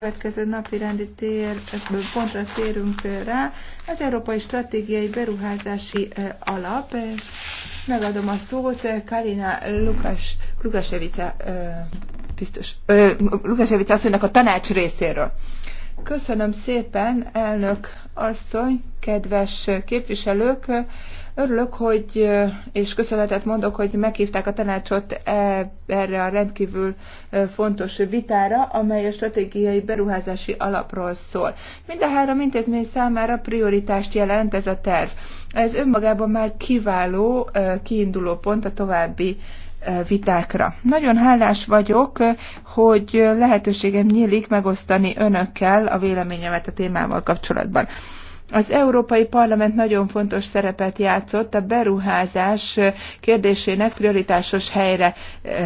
következő napi rendi tér, pontra térünk eh, rá, az Európai Stratégiai Beruházási eh, Alap. Eh, megadom a szót Kalina Lukas, Lukasevica biztos, Lukasevica asszonynak a tanács részéről. Köszönöm szépen, elnök asszony, kedves képviselők! Örülök, hogy, és köszönetet mondok, hogy meghívták a tanácsot e, erre a rendkívül e, fontos vitára, amely a stratégiai beruházási alapról szól. Mind a három intézmény számára prioritást jelent ez a terv. Ez önmagában már kiváló e, kiinduló pont a további vitákra. Nagyon hálás vagyok, hogy lehetőségem nyílik megosztani önökkel a véleményemet a témával kapcsolatban. Az Európai Parlament nagyon fontos szerepet játszott a beruházás kérdésének prioritásos helyre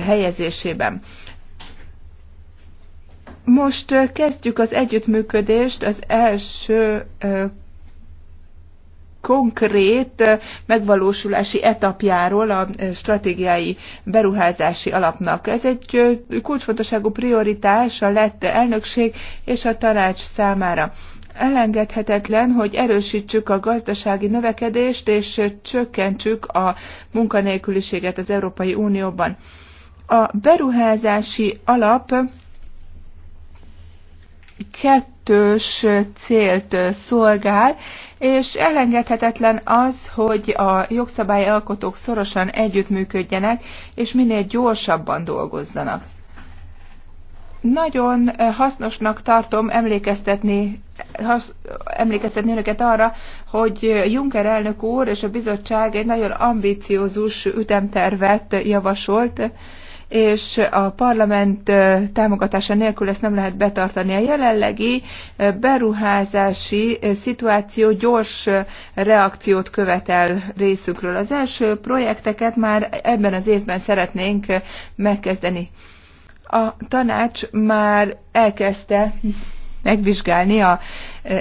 helyezésében. Most kezdjük az együttműködést az első konkrét megvalósulási etapjáról a stratégiai beruházási alapnak. Ez egy kulcsfontosságú prioritás a lett elnökség és a tanács számára. Elengedhetetlen, hogy erősítsük a gazdasági növekedést és csökkentsük a munkanélküliséget az Európai Unióban. A beruházási alap kettős célt szolgál, és elengedhetetlen az, hogy a jogszabályalkotók szorosan együttműködjenek, és minél gyorsabban dolgozzanak. Nagyon hasznosnak tartom emlékeztetni, Has, emlékeztetni önöket arra, hogy Juncker elnök úr és a bizottság egy nagyon ambiciózus ütemtervet javasolt, és a parlament támogatása nélkül ezt nem lehet betartani. A jelenlegi beruházási szituáció gyors reakciót követel részükről. Az első projekteket már ebben az évben szeretnénk megkezdeni. A tanács már elkezdte megvizsgálni, a,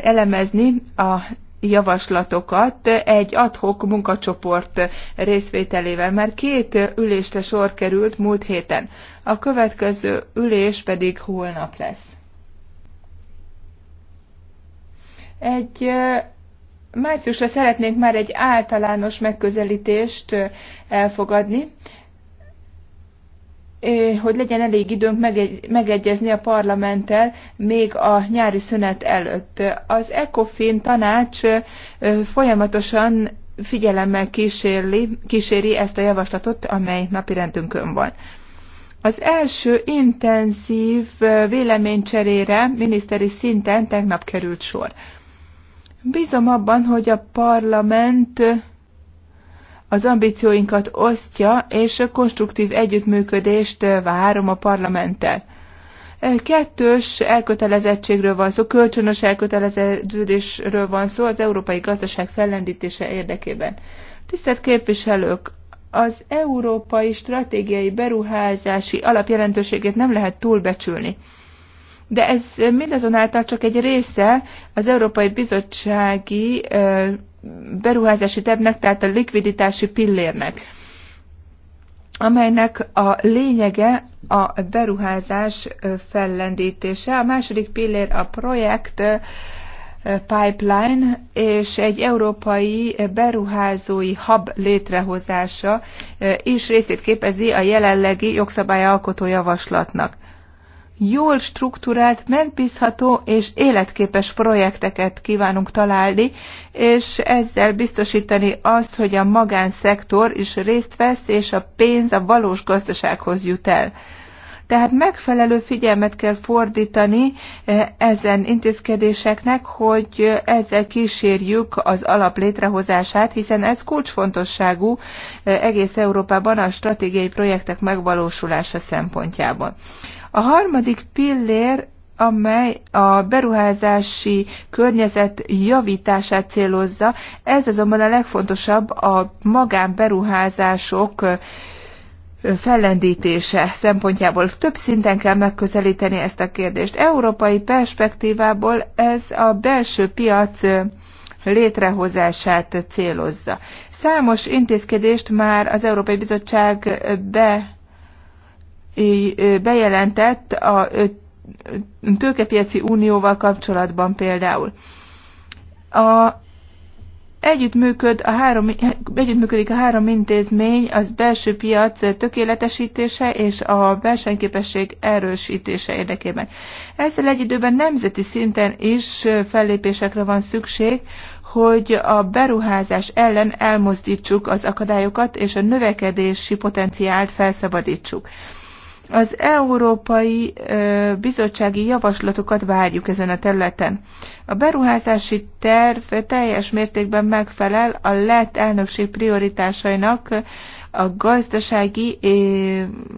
elemezni a javaslatokat egy adhok munkacsoport részvételével, mert két ülésre sor került múlt héten. A következő ülés pedig holnap lesz. Egy márciusra szeretnénk már egy általános megközelítést elfogadni, hogy legyen elég időnk megegyezni a parlamenttel még a nyári szünet előtt. Az ECOFIN tanács folyamatosan figyelemmel kíséri, kíséri ezt a javaslatot, amely napirendünkön van. Az első intenzív véleménycserére miniszteri szinten tegnap került sor. Bízom abban, hogy a parlament az ambícióinkat osztja, és konstruktív együttműködést várom a parlamenttel. Kettős elkötelezettségről van szó, kölcsönös elköteleződésről van szó az európai gazdaság fellendítése érdekében. Tisztelt képviselők, az európai stratégiai beruházási alapjelentőségét nem lehet túlbecsülni. De ez mindazonáltal csak egy része az Európai Bizottsági beruházási tervnek, tehát a likviditási pillérnek, amelynek a lényege a beruházás fellendítése. A második pillér a projekt pipeline és egy európai beruházói hub létrehozása is részét képezi a jelenlegi jogszabályalkotó javaslatnak jól struktúrált, megbízható és életképes projekteket kívánunk találni, és ezzel biztosítani azt, hogy a magánszektor is részt vesz, és a pénz a valós gazdasághoz jut el. Tehát megfelelő figyelmet kell fordítani eh, ezen intézkedéseknek, hogy ezzel kísérjük az alap létrehozását, hiszen ez kulcsfontosságú eh, egész Európában a stratégiai projektek megvalósulása szempontjából. A harmadik pillér amely a beruházási környezet javítását célozza. Ez azonban a legfontosabb a magánberuházások fellendítése szempontjából több szinten kell megközelíteni ezt a kérdést. Európai perspektívából ez a belső piac létrehozását célozza. Számos intézkedést már az Európai Bizottság be bejelentett a tőkepiaci unióval kapcsolatban például. A Együttműköd a három, együttműködik a három intézmény az belső piac tökéletesítése és a versenyképesség erősítése érdekében. Ezzel egy időben nemzeti szinten is fellépésekre van szükség, hogy a beruházás ellen elmozdítsuk az akadályokat és a növekedési potenciált felszabadítsuk. Az Európai Bizottsági javaslatokat várjuk ezen a területen. A beruházási terv teljes mértékben megfelel a lett elnökség prioritásainak, a gazdasági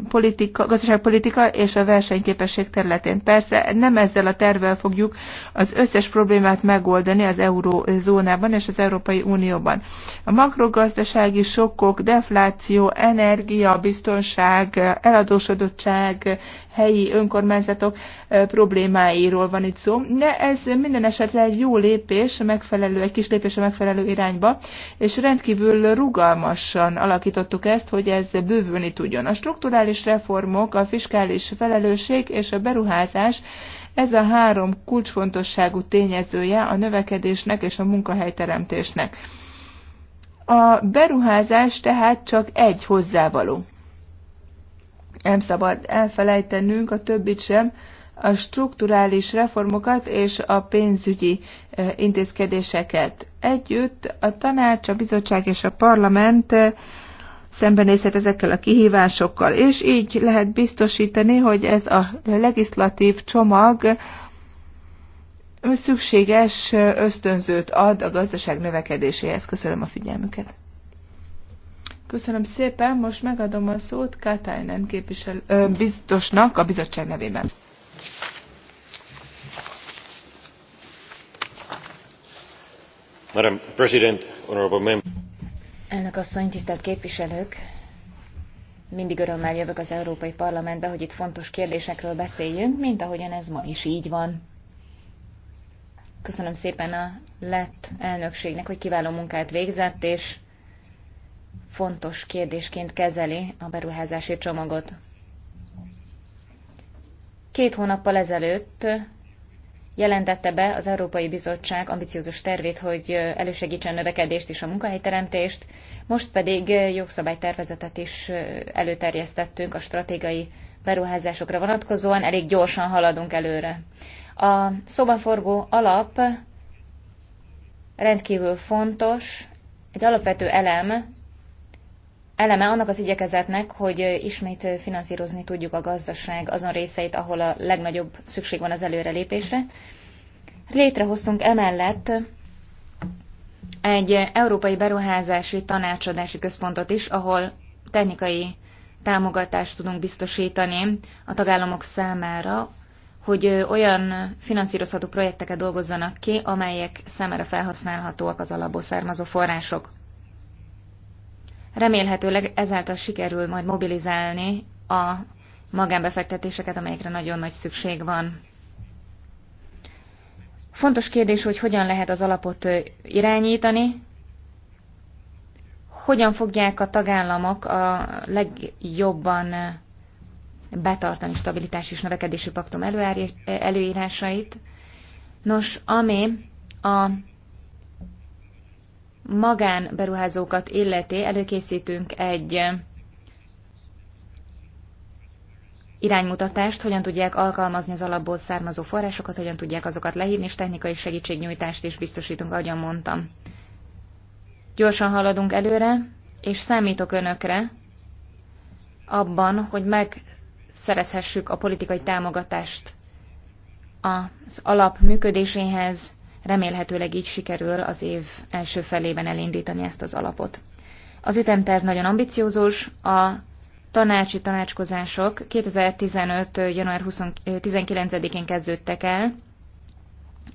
politika, gazdaságpolitika és a versenyképesség területén. Persze nem ezzel a tervvel fogjuk az összes problémát megoldani az eurózónában és az Európai Unióban. A makrogazdasági sokkok, defláció, energia, biztonság, eladósodottság, helyi önkormányzatok problémáiról van itt szó, de ez minden esetre egy jó lépés, megfelelő, egy kis lépés a megfelelő irányba, és rendkívül rugalmasan alakítottuk támogatjuk ezt, hogy ez bővülni tudjon. A strukturális reformok, a fiskális felelősség és a beruházás ez a három kulcsfontosságú tényezője a növekedésnek és a munkahelyteremtésnek. A beruházás tehát csak egy hozzávaló. Nem szabad elfelejtenünk a többit sem, a strukturális reformokat és a pénzügyi eh, intézkedéseket. Együtt a tanács, a bizottság és a parlament eh, szembenézhet ezekkel a kihívásokkal, és így lehet biztosítani, hogy ez a legislatív csomag szükséges ösztönzőt ad a gazdaság növekedéséhez. Köszönöm a figyelmüket. Köszönöm szépen, most megadom a szót Katainen képvisel ö, biztosnak a bizottság nevében. Madam President, honorable members. Elnök asszony, tisztelt képviselők! Mindig örömmel jövök az Európai Parlamentbe, hogy itt fontos kérdésekről beszéljünk, mint ahogyan ez ma is így van. Köszönöm szépen a lett elnökségnek, hogy kiváló munkát végzett, és fontos kérdésként kezeli a beruházási csomagot. Két hónappal ezelőtt jelentette be az Európai Bizottság ambiciózus tervét, hogy elősegítsen növekedést és a munkahelyteremtést, most pedig jogszabálytervezetet is előterjesztettünk a stratégiai beruházásokra vonatkozóan, elég gyorsan haladunk előre. A szobaforgó alap rendkívül fontos, egy alapvető elem eleme annak az igyekezetnek, hogy ismét finanszírozni tudjuk a gazdaság azon részeit, ahol a legnagyobb szükség van az előrelépésre. Létrehoztunk emellett egy európai beruházási tanácsadási központot is, ahol technikai támogatást tudunk biztosítani a tagállamok számára, hogy olyan finanszírozható projekteket dolgozzanak ki, amelyek számára felhasználhatóak az alapból származó források. Remélhetőleg ezáltal sikerül majd mobilizálni a magánbefektetéseket, amelyekre nagyon nagy szükség van. Fontos kérdés, hogy hogyan lehet az alapot irányítani, hogyan fogják a tagállamok a legjobban betartani stabilitás és növekedési paktum előírásait. Nos, ami a magánberuházókat illeti, előkészítünk egy iránymutatást, hogyan tudják alkalmazni az alapból származó forrásokat, hogyan tudják azokat lehívni, és technikai segítségnyújtást is biztosítunk, ahogyan mondtam. Gyorsan haladunk előre, és számítok önökre abban, hogy megszerezhessük a politikai támogatást az alap működéséhez, Remélhetőleg így sikerül az év első felében elindítani ezt az alapot. Az ütemterv nagyon ambiciózus, a tanácsi tanácskozások 2015. január 19-én kezdődtek el,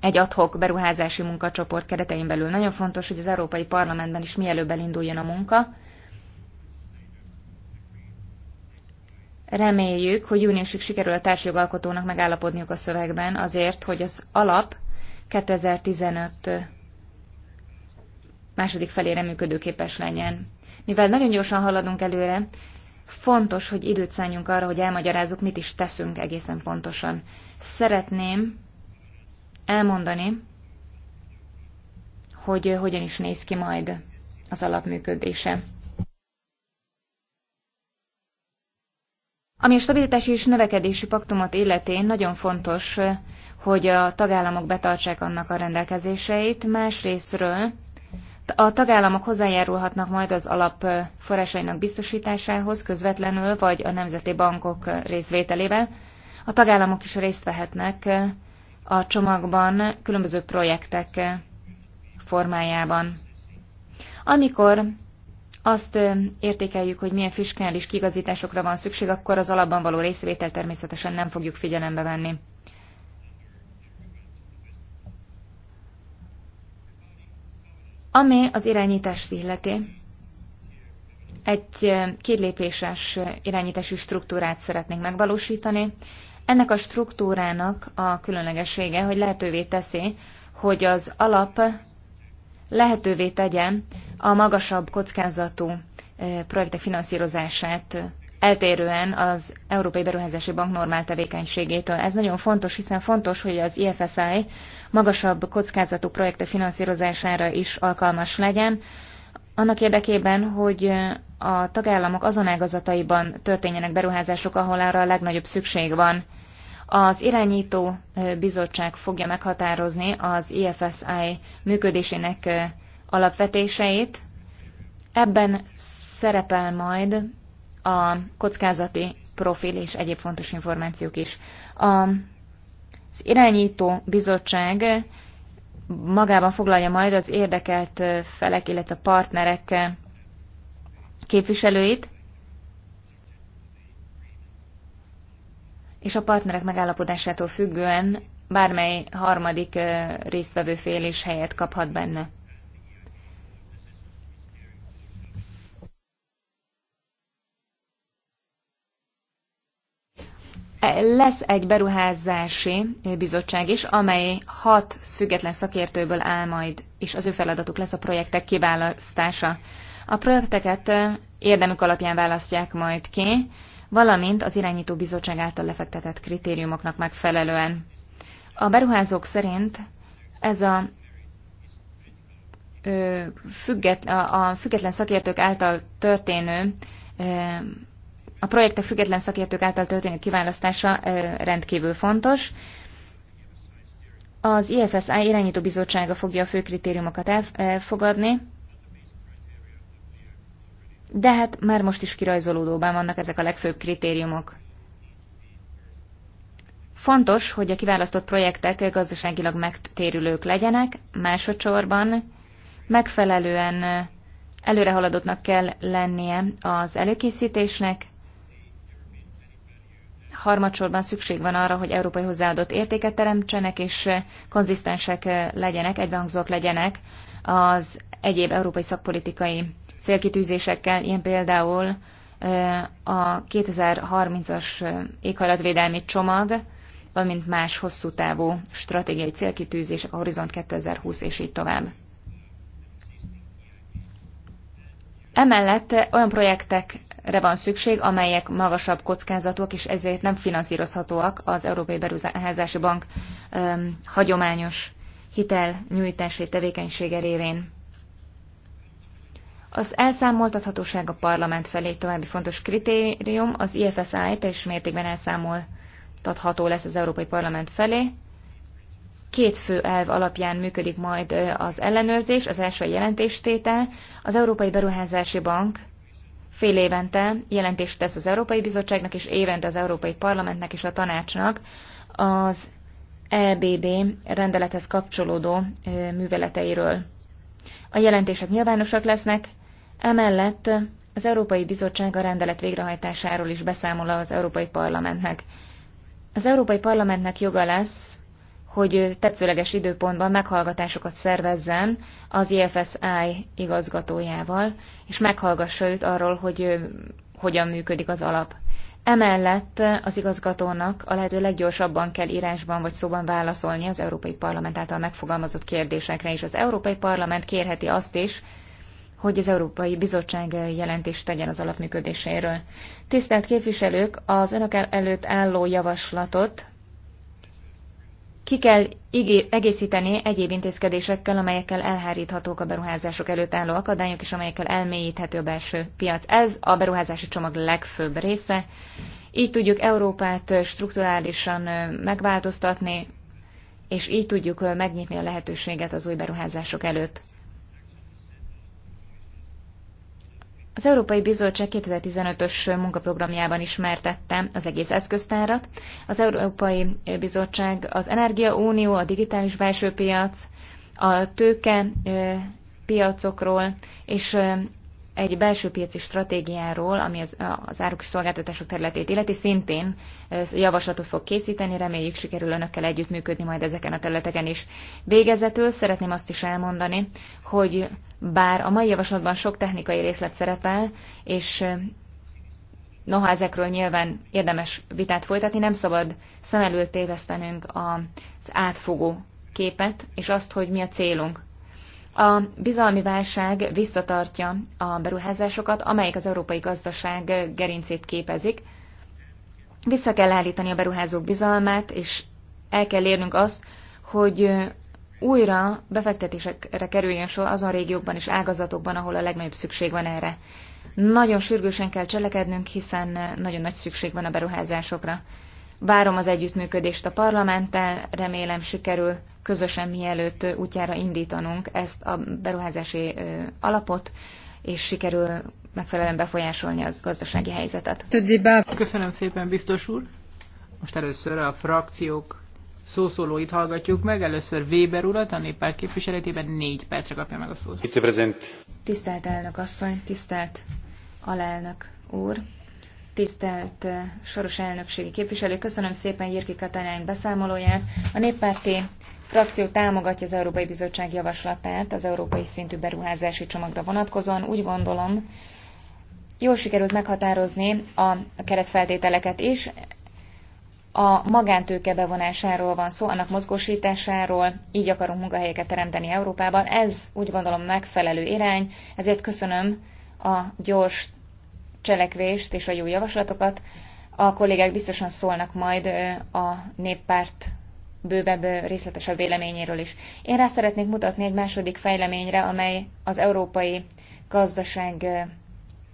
egy adhok beruházási munkacsoport keretein belül. Nagyon fontos, hogy az Európai Parlamentben is mielőbb elinduljon a munka. Reméljük, hogy júniusig sikerül a társjogalkotónak megállapodniuk a szövegben azért, hogy az alap 2015 második felére működőképes legyen. Mivel nagyon gyorsan haladunk előre, fontos, hogy időt szálljunk arra, hogy elmagyarázzuk, mit is teszünk egészen pontosan. Szeretném elmondani, hogy hogyan is néz ki majd az alapműködése. Ami a stabilitási és növekedési paktumot illetén nagyon fontos, hogy a tagállamok betartsák annak a rendelkezéseit, másrésztről a tagállamok hozzájárulhatnak majd az alap forrásainak biztosításához közvetlenül, vagy a nemzeti bankok részvételével. A tagállamok is részt vehetnek a csomagban különböző projektek formájában. Amikor azt értékeljük, hogy milyen fiskális kigazításokra van szükség, akkor az alapban való részvétel természetesen nem fogjuk figyelembe venni. Ami az irányítást illeti, egy kétlépéses irányítási struktúrát szeretnénk megvalósítani. Ennek a struktúrának a különlegessége, hogy lehetővé teszi, hogy az alap lehetővé tegye a magasabb kockázatú e, projektek finanszírozását eltérően az Európai Beruházási Bank normál tevékenységétől. Ez nagyon fontos, hiszen fontos, hogy az IFSI magasabb kockázatú projektek finanszírozására is alkalmas legyen, annak érdekében, hogy a tagállamok azon ágazataiban történjenek beruházások, ahol arra a legnagyobb szükség van. Az irányító e, bizottság fogja meghatározni az IFSI működésének e, alapvetéseit. Ebben szerepel majd a kockázati profil és egyéb fontos információk is. A, az irányító bizottság magában foglalja majd az érdekelt felek, illetve partnerek képviselőit, és a partnerek megállapodásától függően bármely harmadik résztvevő fél is helyet kaphat benne. lesz egy beruházási bizottság is, amely hat független szakértőből áll majd, és az ő feladatuk lesz a projektek kiválasztása. A projekteket érdemük alapján választják majd ki, valamint az irányító bizottság által lefektetett kritériumoknak megfelelően. A beruházók szerint ez a, a, független szakértők által történő a projektek független szakértők által történő kiválasztása rendkívül fontos. Az IFSI irányító bizottsága fogja a fő kritériumokat elfogadni, de hát már most is kirajzolódóban vannak ezek a legfőbb kritériumok. Fontos, hogy a kiválasztott projektek gazdaságilag megtérülők legyenek, másodszorban megfelelően előrehaladottnak kell lennie az előkészítésnek, harmadsorban szükség van arra, hogy európai hozzáadott értéket teremtsenek, és eh, konzisztensek eh, legyenek, egybehangzók legyenek az egyéb európai szakpolitikai célkitűzésekkel, ilyen például eh, a 2030-as éghajlatvédelmi csomag, valamint más hosszú távú stratégiai célkitűzések, a Horizont 2020 és így tovább. Emellett olyan projektek van szükség, amelyek magasabb kockázatok, és ezért nem finanszírozhatóak az Európai Beruházási Bank um, hagyományos hitelnyújtási tevékenysége révén. Az elszámoltathatóság a parlament felé további fontos kritérium, az IFSI teljes mértékben elszámoltatható lesz az Európai Parlament felé. Két fő elv alapján működik majd az ellenőrzés, az első a jelentéstétel, az Európai Beruházási Bank Fél évente jelentést tesz az Európai Bizottságnak, és évente az Európai Parlamentnek és a Tanácsnak az EBB rendelethez kapcsolódó műveleteiről. A jelentések nyilvánosak lesznek, emellett az Európai Bizottság a rendelet végrehajtásáról is beszámol az Európai Parlamentnek. Az Európai Parlamentnek joga lesz hogy tetszőleges időpontban meghallgatásokat szervezzen az IFSI e igazgatójával, és meghallgassa őt arról, hogy hogyan működik az alap. Emellett az igazgatónak a lehető leggyorsabban kell írásban vagy szóban válaszolni az Európai Parlament által megfogalmazott kérdésekre, és az Európai Parlament kérheti azt is, hogy az Európai Bizottság jelentést tegyen az alapműködéséről. Tisztelt képviselők, az önök előtt álló javaslatot ki kell egészíteni egyéb intézkedésekkel, amelyekkel elháríthatók a beruházások előtt álló akadályok, és amelyekkel elmélyíthető a belső piac. Ez a beruházási csomag legfőbb része. Így tudjuk Európát strukturálisan megváltoztatni, és így tudjuk megnyitni a lehetőséget az új beruházások előtt. Az Európai Bizottság 2015-ös munkaprogramjában ismertette az egész eszköztárat. Az Európai Bizottság az Energiaunió, a digitális belső piac, a tőke piacokról és egy belső piaci stratégiáról, ami az, az áruk és szolgáltatások területét illeti, szintén javaslatot fog készíteni, reméljük sikerül önökkel együttműködni majd ezeken a területeken is. Végezetül szeretném azt is elmondani, hogy bár a mai javaslatban sok technikai részlet szerepel, és noha ezekről nyilván érdemes vitát folytatni, nem szabad szem elől tévesztenünk az átfogó képet, és azt, hogy mi a célunk. A bizalmi válság visszatartja a beruházásokat, amelyek az európai gazdaság gerincét képezik. Vissza kell állítani a beruházók bizalmát, és el kell érnünk azt, hogy újra befektetésekre kerüljön sor azon régiókban és ágazatokban, ahol a legnagyobb szükség van erre. Nagyon sürgősen kell cselekednünk, hiszen nagyon nagy szükség van a beruházásokra. Várom az együttműködést a parlamenttel, remélem sikerül közösen mielőtt útjára indítanunk ezt a beruházási alapot, és sikerül megfelelően befolyásolni az gazdasági helyzetet. Köszönöm szépen, biztos úr! Most először a frakciók szószólóit hallgatjuk meg. Először Weber urat, a néppárt képviseletében négy percre kapja meg a szót. Tisztelt elnök asszony, tisztelt alelnök úr, Tisztelt eh, soros elnökségi képviselő, köszönöm szépen Jirki Katalány beszámolóját. A néppárti frakció támogatja az Európai Bizottság javaslatát az európai szintű beruházási csomagra vonatkozóan. Úgy gondolom, jól sikerült meghatározni a keretfeltételeket is. A magántőke bevonásáról van szó, annak mozgósításáról, így akarunk munkahelyeket teremteni Európában. Ez úgy gondolom megfelelő irány, ezért köszönöm a gyors cselekvést és a jó javaslatokat. A kollégák biztosan szólnak majd a néppárt bővebb, részletesebb véleményéről is. Én rá szeretnék mutatni egy második fejleményre, amely az európai gazdaság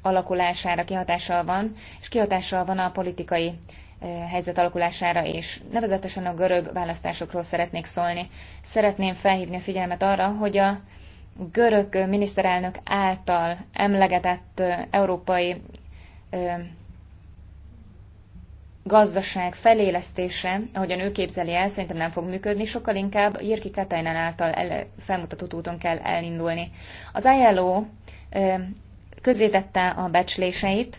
alakulására kihatással van, és kihatással van a politikai helyzet alakulására, és nevezetesen a görög választásokról szeretnék szólni. Szeretném felhívni a figyelmet arra, hogy a görög miniszterelnök által emlegetett európai gazdaság felélesztése, ahogyan ő képzeli el, szerintem nem fog működni, sokkal inkább Jirki Katainen által felmutatott úton kell elindulni. Az ILO közzétette a becsléseit,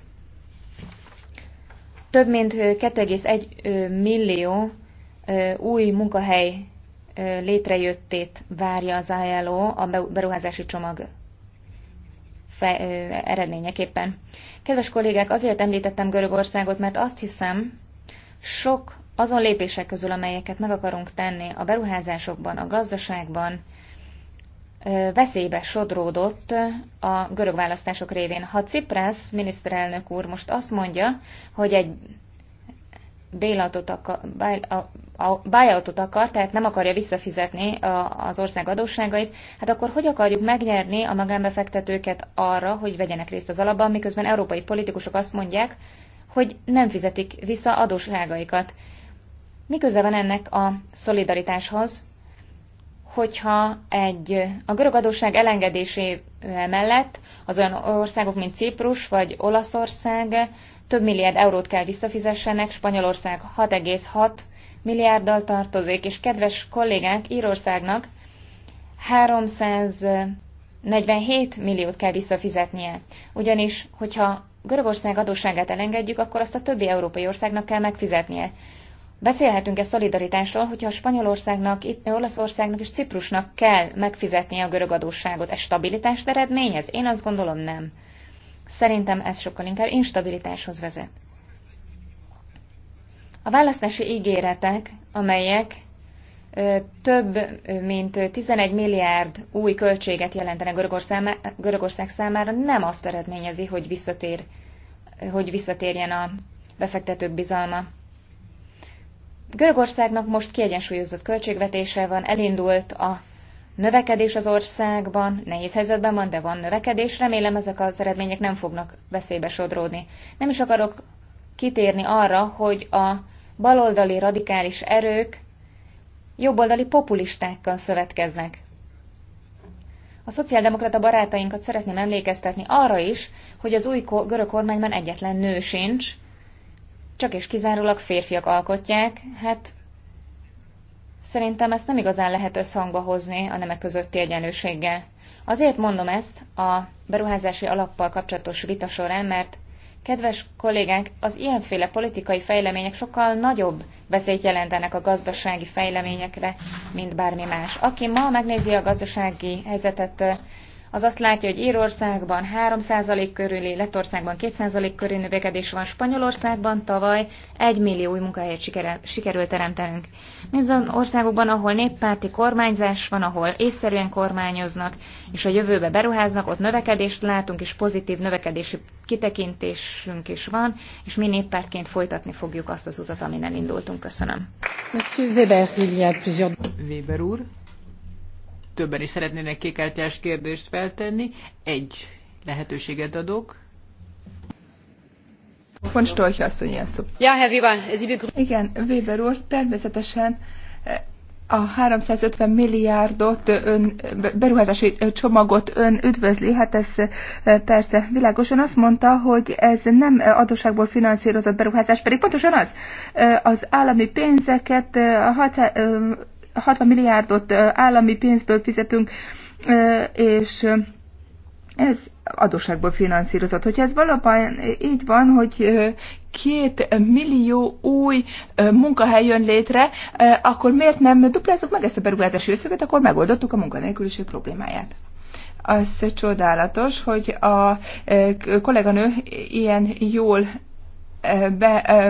több mint 2,1 millió új munkahely létrejöttét várja az ILO a beruházási csomag fe, eredményeképpen. Kedves kollégák, azért említettem Görögországot, mert azt hiszem, sok azon lépések közül, amelyeket meg akarunk tenni a beruházásokban, a gazdaságban, veszélybe sodródott a görög választások révén. Ha Ciprász miniszterelnök úr most azt mondja, hogy egy bailoutot akar, buyoutot akar, tehát nem akarja visszafizetni az ország adósságait, hát akkor hogy akarjuk megnyerni a magánbefektetőket arra, hogy vegyenek részt az alapban, miközben európai politikusok azt mondják, hogy nem fizetik vissza adósságaikat. Miközben van ennek a szolidaritáshoz, hogyha egy a görög adósság elengedésé mellett az olyan országok, mint Ciprus vagy Olaszország több milliárd eurót kell visszafizessenek, Spanyolország 6,6 milliárddal tartozik, és kedves kollégák, Írországnak 347 milliót kell visszafizetnie. Ugyanis, hogyha Görögország adósságát elengedjük, akkor azt a többi európai országnak kell megfizetnie. Beszélhetünk-e szolidaritásról, hogyha a Spanyolországnak, itt Olaszországnak és Ciprusnak kell megfizetnie a görög adósságot? Ez stabilitást eredményez? Én azt gondolom nem. Szerintem ez sokkal inkább instabilitáshoz vezet. A választási ígéretek, amelyek több mint 11 milliárd új költséget jelentenek Görögország számára, nem azt eredményezi, hogy, visszatér, hogy visszatérjen a befektetők bizalma. Görögországnak most kiegyensúlyozott költségvetése van, elindult a növekedés az országban, nehéz helyzetben van, de van növekedés. Remélem ezek az eredmények nem fognak veszélybe sodródni. Nem is akarok kitérni arra, hogy a baloldali radikális erők jobboldali populistákkal szövetkeznek. A szociáldemokrata barátainkat szeretném emlékeztetni arra is, hogy az új görög kormányban egyetlen nő sincs, csak és kizárólag férfiak alkotják, hát Szerintem ezt nem igazán lehet összhangba hozni a nemek közötti egyenlőséggel. Azért mondom ezt a beruházási alappal kapcsolatos vita során, mert kedves kollégák, az ilyenféle politikai fejlemények sokkal nagyobb veszélyt jelentenek a gazdasági fejleményekre, mint bármi más. Aki ma megnézi a gazdasági helyzetet az azt látja, hogy Írországban 3% körüli, Lettországban 2% körüli növekedés van, Spanyolországban tavaly 1 millió új munkahelyet sikerül, sikerült teremtenünk. Mindazon országokban, ahol néppárti kormányzás van, ahol észszerűen kormányoznak, és a jövőbe beruháznak, ott növekedést látunk, és pozitív növekedési kitekintésünk is van, és mi néppártként folytatni fogjuk azt az utat, amin elindultunk. Köszönöm. Monsieur Weber, il y a plusieurs... Weber úr, többen is szeretnének kékártyás kérdést feltenni. Egy lehetőséget adok. Von Storch asszony szó. Ja, Herr Weber, Sie Igen, Weber úr, természetesen eh, a 350 milliárdot eh, ön, eh, beruházási csomagot ön üdvözli, hát ez persze világosan azt mondta, hogy ez nem adósságból finanszírozott beruházás, pedig pontosan az, az állami pénzeket a 60 milliárdot állami pénzből fizetünk, és ez adósságból finanszírozott. Hogyha ez valóban így van, hogy két millió új munkahely jön létre, akkor miért nem duplázzuk meg ezt a beruházási összeget, akkor megoldottuk a munkanélküliség problémáját. Az csodálatos, hogy a kolléganő ilyen jól be,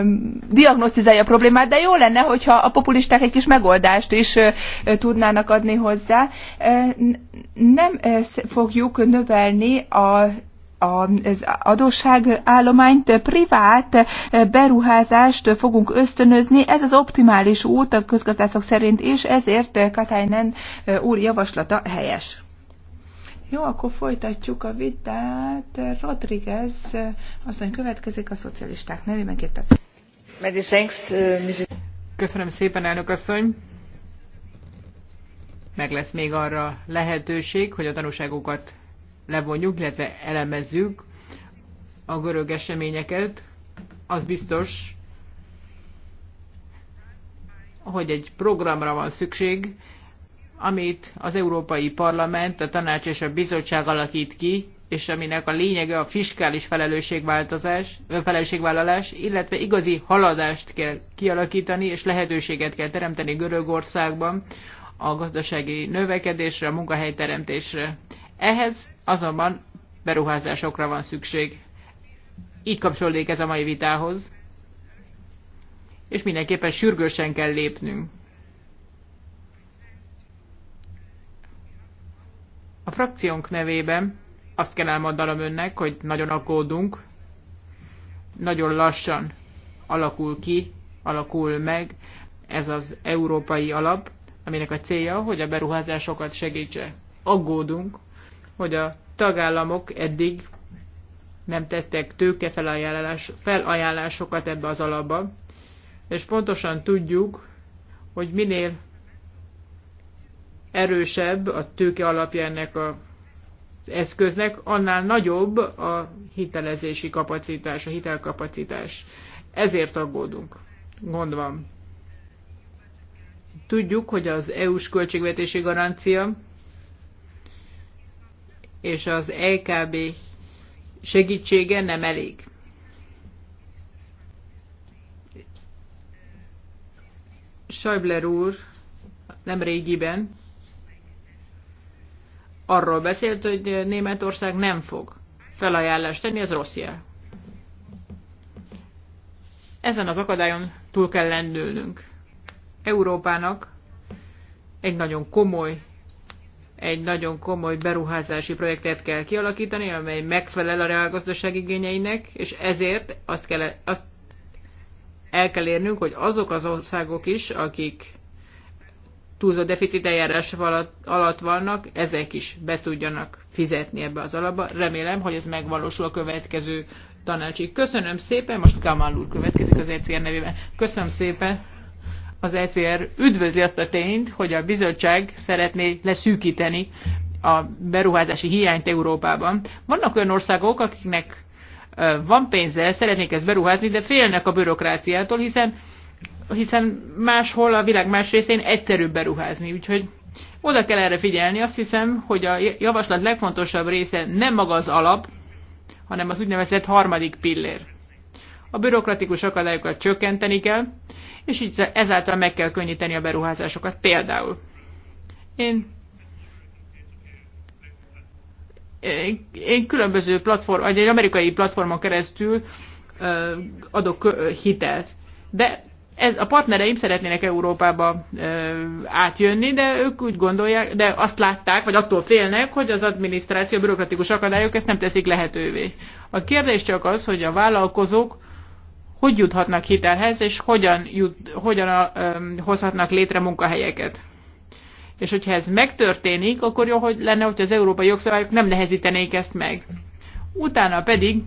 diagnosztizálja a problémát, de jó lenne, hogyha a populisták egy kis megoldást is tudnának adni hozzá. Nem fogjuk növelni a az adósságállományt, privát beruházást fogunk ösztönözni. Ez az optimális út a közgazdászok szerint, és ezért Katájnen úr javaslata helyes. Jó, akkor folytatjuk a vitát. Rodriguez eh, aztán következik a szocialisták nevű Két perc. Eh, Köszönöm szépen, elnök asszony. Meg lesz még arra lehetőség, hogy a tanúságokat levonjuk, illetve elemezzük a görög eseményeket. Az biztos, hogy egy programra van szükség, amit az Európai Parlament, a Tanács és a Bizottság alakít ki, és aminek a lényege a fiskális felelősségváltozás, felelősségvállalás, illetve igazi haladást kell kialakítani, és lehetőséget kell teremteni Görögországban a gazdasági növekedésre, a munkahelyteremtésre. Ehhez azonban beruházásokra van szükség. Így kapcsolódik ez a mai vitához, és mindenképpen sürgősen kell lépnünk. A frakciónk nevében azt kell elmondanom önnek, hogy nagyon aggódunk, nagyon lassan alakul ki, alakul meg ez az európai alap, aminek a célja, hogy a beruházásokat segítse. Aggódunk, hogy a tagállamok eddig nem tettek tőkefelajánlás, felajánlásokat ebbe az alapba, és pontosan tudjuk, hogy minél erősebb a tőke alapja ennek az eszköznek, annál nagyobb a hitelezési kapacitás, a hitelkapacitás. Ezért aggódunk. Gond van. Tudjuk, hogy az EU-s költségvetési garancia és az EKB segítsége nem elég. Schäuble úr nem régiben arról beszélt, hogy Németország nem fog felajánlást tenni, ez rossz jel. Ezen az akadályon túl kell lendülnünk. Európának egy nagyon komoly egy nagyon komoly beruházási projektet kell kialakítani, amely megfelel a reálgazdaság igényeinek, és ezért azt kell, azt el kell érnünk, hogy azok az országok is, akik deficit eljárás alatt vannak, ezek is be tudjanak fizetni ebbe az alapba. Remélem, hogy ez megvalósul a következő tanácsig. Köszönöm szépen, most Kamal úr következik az ECR nevében. Köszönöm szépen, az ECR üdvözli azt a tényt, hogy a bizottság szeretné leszűkíteni a beruházási hiányt Európában. Vannak olyan országok, akiknek van pénze, szeretnék ezt beruházni, de félnek a bürokráciától, hiszen hiszen máshol a világ más részén egyszerűbb beruházni, úgyhogy oda kell erre figyelni. Azt hiszem, hogy a javaslat legfontosabb része nem maga az alap, hanem az úgynevezett harmadik pillér. A bürokratikus akadályokat csökkenteni kell, és így ezáltal meg kell könnyíteni a beruházásokat. Például én, én különböző platform, egy amerikai platformon keresztül adok hitelt. De ez, a partnereim szeretnének Európába ö, átjönni, de ők úgy gondolják, de azt látták, vagy attól félnek, hogy az adminisztráció, a bürokratikus akadályok ezt nem teszik lehetővé. A kérdés csak az, hogy a vállalkozók hogy juthatnak hitelhez, és hogyan, jut, hogyan a, ö, hozhatnak létre munkahelyeket. És hogyha ez megtörténik, akkor jó, hogy lenne, hogy az európai jogszabályok nem nehezítenék ezt meg. Utána pedig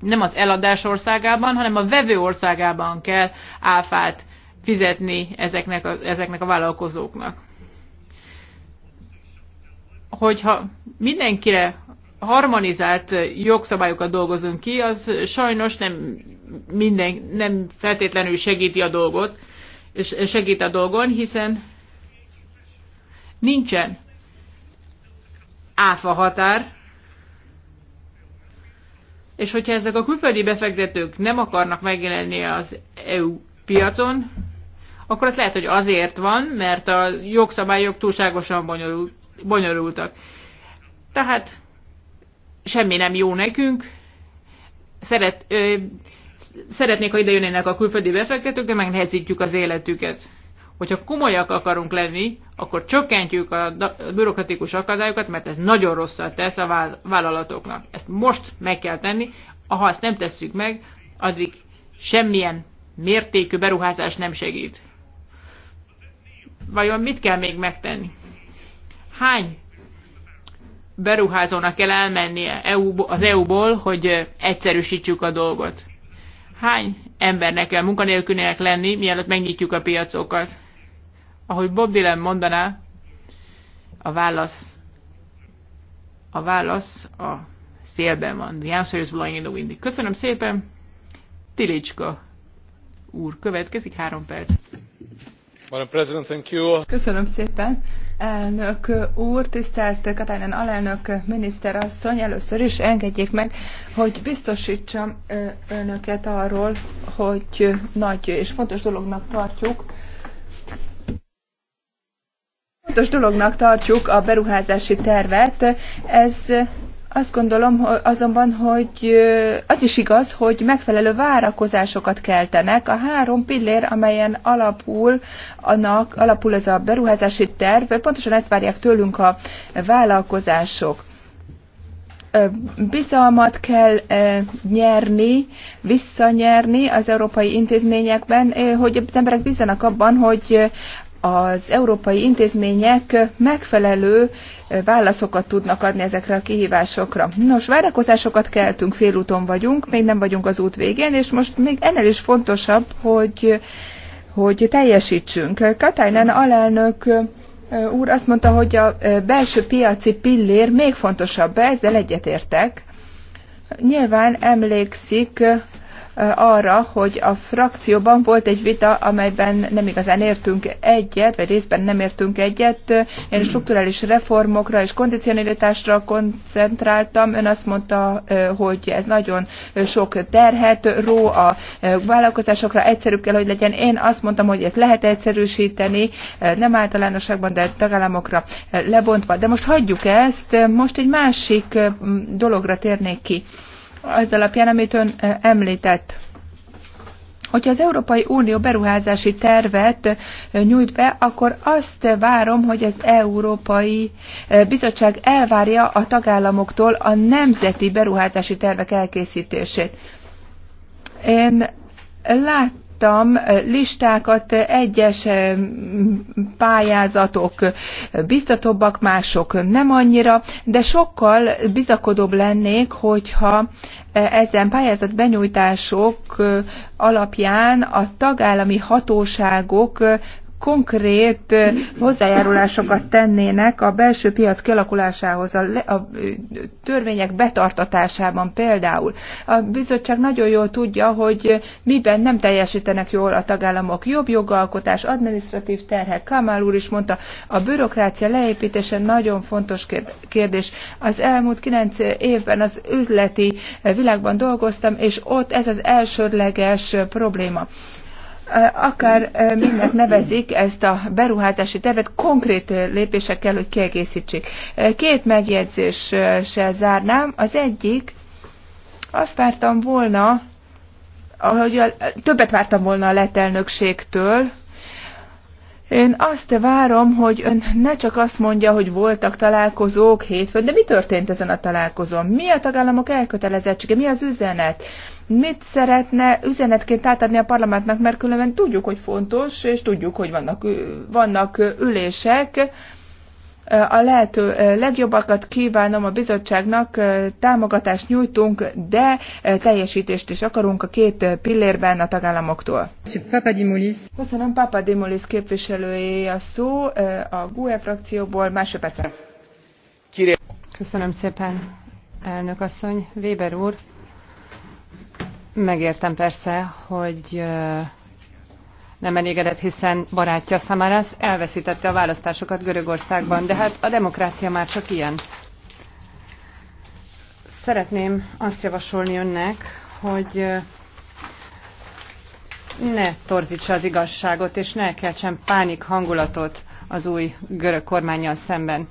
nem az eladás országában, hanem a vevő országában kell áfát fizetni ezeknek a, ezeknek a vállalkozóknak. Hogyha mindenkire harmonizált jogszabályokat dolgozunk ki, az sajnos nem, minden, nem feltétlenül segíti a dolgot, és segít a dolgon, hiszen nincsen áfa határ, és hogyha ezek a külföldi befektetők nem akarnak megjelenni az EU piacon, akkor az lehet, hogy azért van, mert a jogszabályok túlságosan bonyolultak. Tehát semmi nem jó nekünk. Szeret, ö, szeretnék, ha ide jönnének a külföldi befektetők, de megnehezítjük az életüket hogyha komolyak akarunk lenni, akkor csökkentjük a bürokratikus akadályokat, mert ez nagyon rosszat tesz a vállalatoknak. Ezt most meg kell tenni, ha ezt nem tesszük meg, addig semmilyen mértékű beruházás nem segít. Vajon mit kell még megtenni? Hány beruházónak kell elmennie az EU-ból, hogy egyszerűsítsük a dolgot? Hány embernek kell munkanélkülnek lenni, mielőtt megnyitjuk a piacokat? Ahogy Bob Dylan mondaná, a válasz, a válasz a szélben van. The answer is blowing in the wind. Köszönöm szépen. Tilicska úr következik, három perc. Köszönöm szépen. Elnök úr, tisztelt Katalin alelnök, miniszter asszony, először is engedjék meg, hogy biztosítsam önöket arról, hogy nagy és fontos dolognak tartjuk, Fontos dolognak tartjuk a beruházási tervet. Ez azt gondolom azonban, hogy az is igaz, hogy megfelelő várakozásokat keltenek. A három pillér, amelyen alapul, annak, alapul ez a beruházási terv, pontosan ezt várják tőlünk a vállalkozások. Bizalmat kell nyerni, visszanyerni az európai intézményekben, hogy az emberek bízzanak abban, hogy az európai intézmények megfelelő eh, válaszokat tudnak adni ezekre a kihívásokra. Nos, várakozásokat keltünk, félúton vagyunk, még nem vagyunk az út végén, és most még ennél is fontosabb, hogy, hogy teljesítsünk. Katainen alelnök eh, úr azt mondta, hogy a eh, belső piaci pillér még fontosabb, ezzel egyetértek. Nyilván emlékszik arra, hogy a frakcióban volt egy vita, amelyben nem igazán értünk egyet, vagy részben nem értünk egyet. Én strukturális reformokra és kondicionalitásra koncentráltam. Ön azt mondta, hogy ez nagyon sok terhet ró a vállalkozásokra, egyszerűbb kell, hogy legyen. Én azt mondtam, hogy ezt lehet egyszerűsíteni, nem általánosságban, de tagállamokra lebontva. De most hagyjuk ezt, most egy másik dologra térnék ki az alapján, amit ön említett. Hogyha az Európai Unió beruházási tervet nyújt be, akkor azt várom, hogy az Európai Bizottság elvárja a tagállamoktól a nemzeti beruházási tervek elkészítését. Én lát, láttam eh, listákat, eh, egyes eh, pályázatok biztatóbbak, mások nem annyira, de sokkal bizakodóbb lennék, hogyha ezen pályázat benyújtások alapján a tagállami hatóságok konkrét hozzájárulásokat tennének a belső piac kialakulásához, a, a törvények betartatásában például. A bizottság nagyon jól tudja, hogy miben nem teljesítenek jól a tagállamok. Jobb jogalkotás, administratív terhek, Kamál úr is mondta, a bürokrácia leépítése nagyon fontos kérdés. Az elmúlt kilenc évben az üzleti világban dolgoztam, és ott ez az elsődleges probléma akár mindent nevezik, ezt a beruházási tervet konkrét lépésekkel, hogy kiegészítsék. Két megjegyzéssel zárnám. Az egyik, azt vártam volna, ahogy a, többet vártam volna a letelnökségtől, én azt várom, hogy ön ne csak azt mondja, hogy voltak találkozók hétfőn, de mi történt ezen a találkozón? Mi a tagállamok elkötelezettsége? Mi az üzenet? mit szeretne üzenetként átadni a parlamentnek, mert különben tudjuk, hogy fontos, és tudjuk, hogy vannak, vannak ülések, a lehető legjobbakat kívánom a bizottságnak, támogatást nyújtunk, de teljesítést is akarunk a két pillérben a tagállamoktól. Köszönöm, Köszönöm, Papadimulis képviselőjé a szó a GUE frakcióból, másodpercre. Köszönöm szépen, elnök asszony, Weber úr. Megértem persze, hogy nem elégedett, hiszen barátja Samaras elveszítette a választásokat Görögországban, de hát a demokrácia már csak ilyen. Szeretném azt javasolni önnek, hogy ne torzítsa az igazságot, és ne keltsen pánik hangulatot az új görög kormányjal szemben